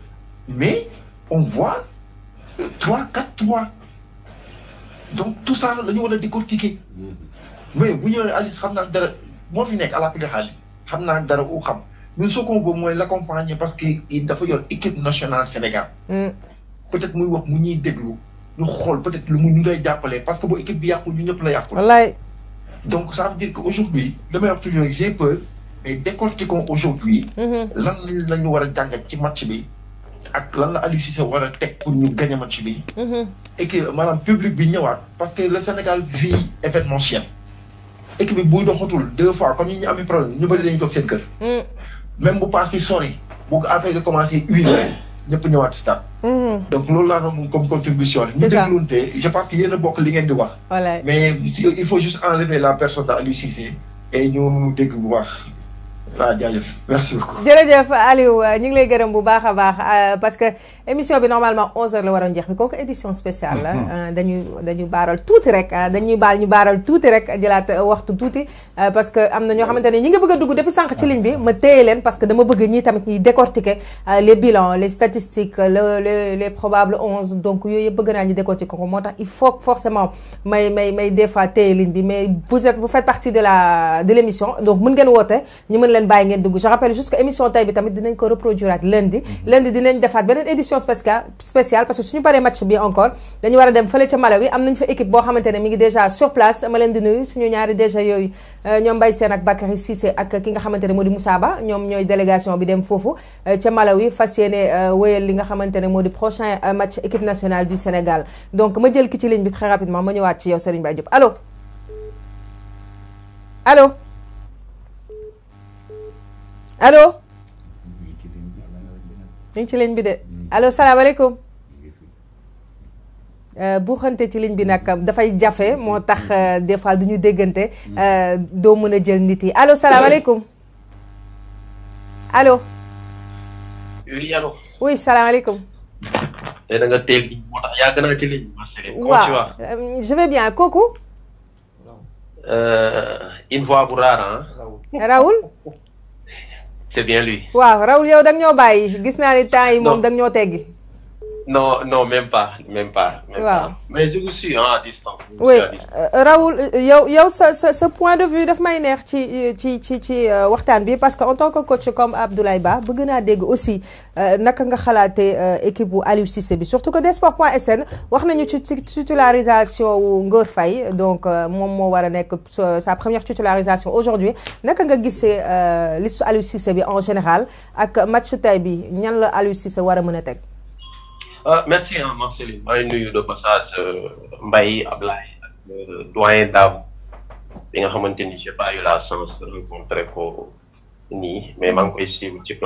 L: mais on voit 3-4-3. Donc tout ça, nous devons le décortiquer.
B: Mm-hmm.
L: Mais vous avez Alice moi je suis à la Pédéhali, nous sommes l'accompagner parce qu'il a fait une équipe nationale Sénégal. Mm. Peut-être que nous avons groupes nous xool peut être lu nous ñu ngay parce que bu équipe bi yàqu ñu ñëpp la donc ça veut dire que aujourd'hui damay wax toujours j'ai peur mais décortiquons aujourd'hui mhm. lan la ñu war a jàngat ci match bi ak lan la Aliou Cissé war a teg pour ñu gagné match bi. Mhm. et que maanaam public bi ñëwaat. parce que le Sénégal vit événementiel. équipe bi buy doxatul deux fois comme ñu amee problème ñu bëri dañu toog seen kër. Mhm. même bu paas bi sori. bu ko affaire yi commencé une heure ñëpp ñëwaat stade.
B: donc
L: loolu laa doon comme contribution rek. ñu dégluwante je pense que yéen a bokk li ngeen di wax. mais il faut juste enlever la personne d'Aliou Cissé. et ñu dégg bu baax. waaw ah, jaajëf merci beaucoup.
D: jërëjëf Aliou ñu ngi lay gërëm bu baax a baax euh, parce que. émission bi normalement 11h la waroon jeex bi kooku édition spéciale la mhm. euh, dañu dañu baral tout rek euh, dañu bal ñu baral tout rek jëlaat euh, waxtu touti parce que amna ño ñoo ñi nga bëgg a dugg depuis sank ci ah. ligne bi ma téyé len parce que dama bëgg ñi tamit ñuy décortiquer les bilans les statistiques le le les probables 11 donc yooyu bëgg na ñi décortiquer ko motax il faut forcément may may may des fois téyé ligne bi mais vous êtes vous faites partie de la de l'émission donc mën ngeen woote ñu mën leen bàyyi ngeen dugg je rappelle juste que émission tay bi tamit dinañ ko reproduire lundi mhm. lundi dinañ defaat benen édition spécial spécial parce que pas match bien encore dañu dem Malawi équipe déjà sur place de suñu déjà eu ñom bay ak Bakary Cissé ak ki nga délégation bi dem euh, Malawi euh, li prochain euh, match équipe nationale du Sénégal donc ma jël ci ligne bi très rapidement ma ñëwaat ci yow Serigne Diop allô ñu ngi ci ligne bi de allo euh, bu buuxante ci ligne bi nag dafay jafé mo tax euh, des fois duñu ñu déggante euh, doo mën a jël nit yi allo salaamaaleykum allo. oui allo. oui salaamaaleykum.
H: tey da nga teel mo tax yàgg naa ci ligne bi. waaw je vais bien euh une voix bu rare hein? Raoul c'est bien lui.
D: Waouh, raw yow dag ñoo bayyi, gis naa ni temps yi moom dag ñoo teggi.
H: Non, non, même pas, même pas. Même wow. pas. Mais je vous suis hein, à distance. Oui,
D: euh, Raoul, yow, yow ce, ce, ce, point de vue daf may neex ci ci ci ci euh, bi parce que en tant que coach comme Abdoulaye Ba bëgg naa dire aussi euh, naka nga xalaatee euh, équipe bu Aliou Cissé bi surtout que Desport.sn wax nañu ci titularisation ou Ngor Faye donc moom moo war a sa première titularisation aujourd'hui naka nga gisee listu Aliou Cissé bi en général ak match tay bi ñan la Aliou Cissé war a mën
H: Euh, merci ah Marceline maa ngi nuyu de passage euh, Mbaye Ablaye ak euh, doyen Dabo bi nga xamante ni j'ai pas eu la chance de rencontrer ko nii mais maa ngi koy suivre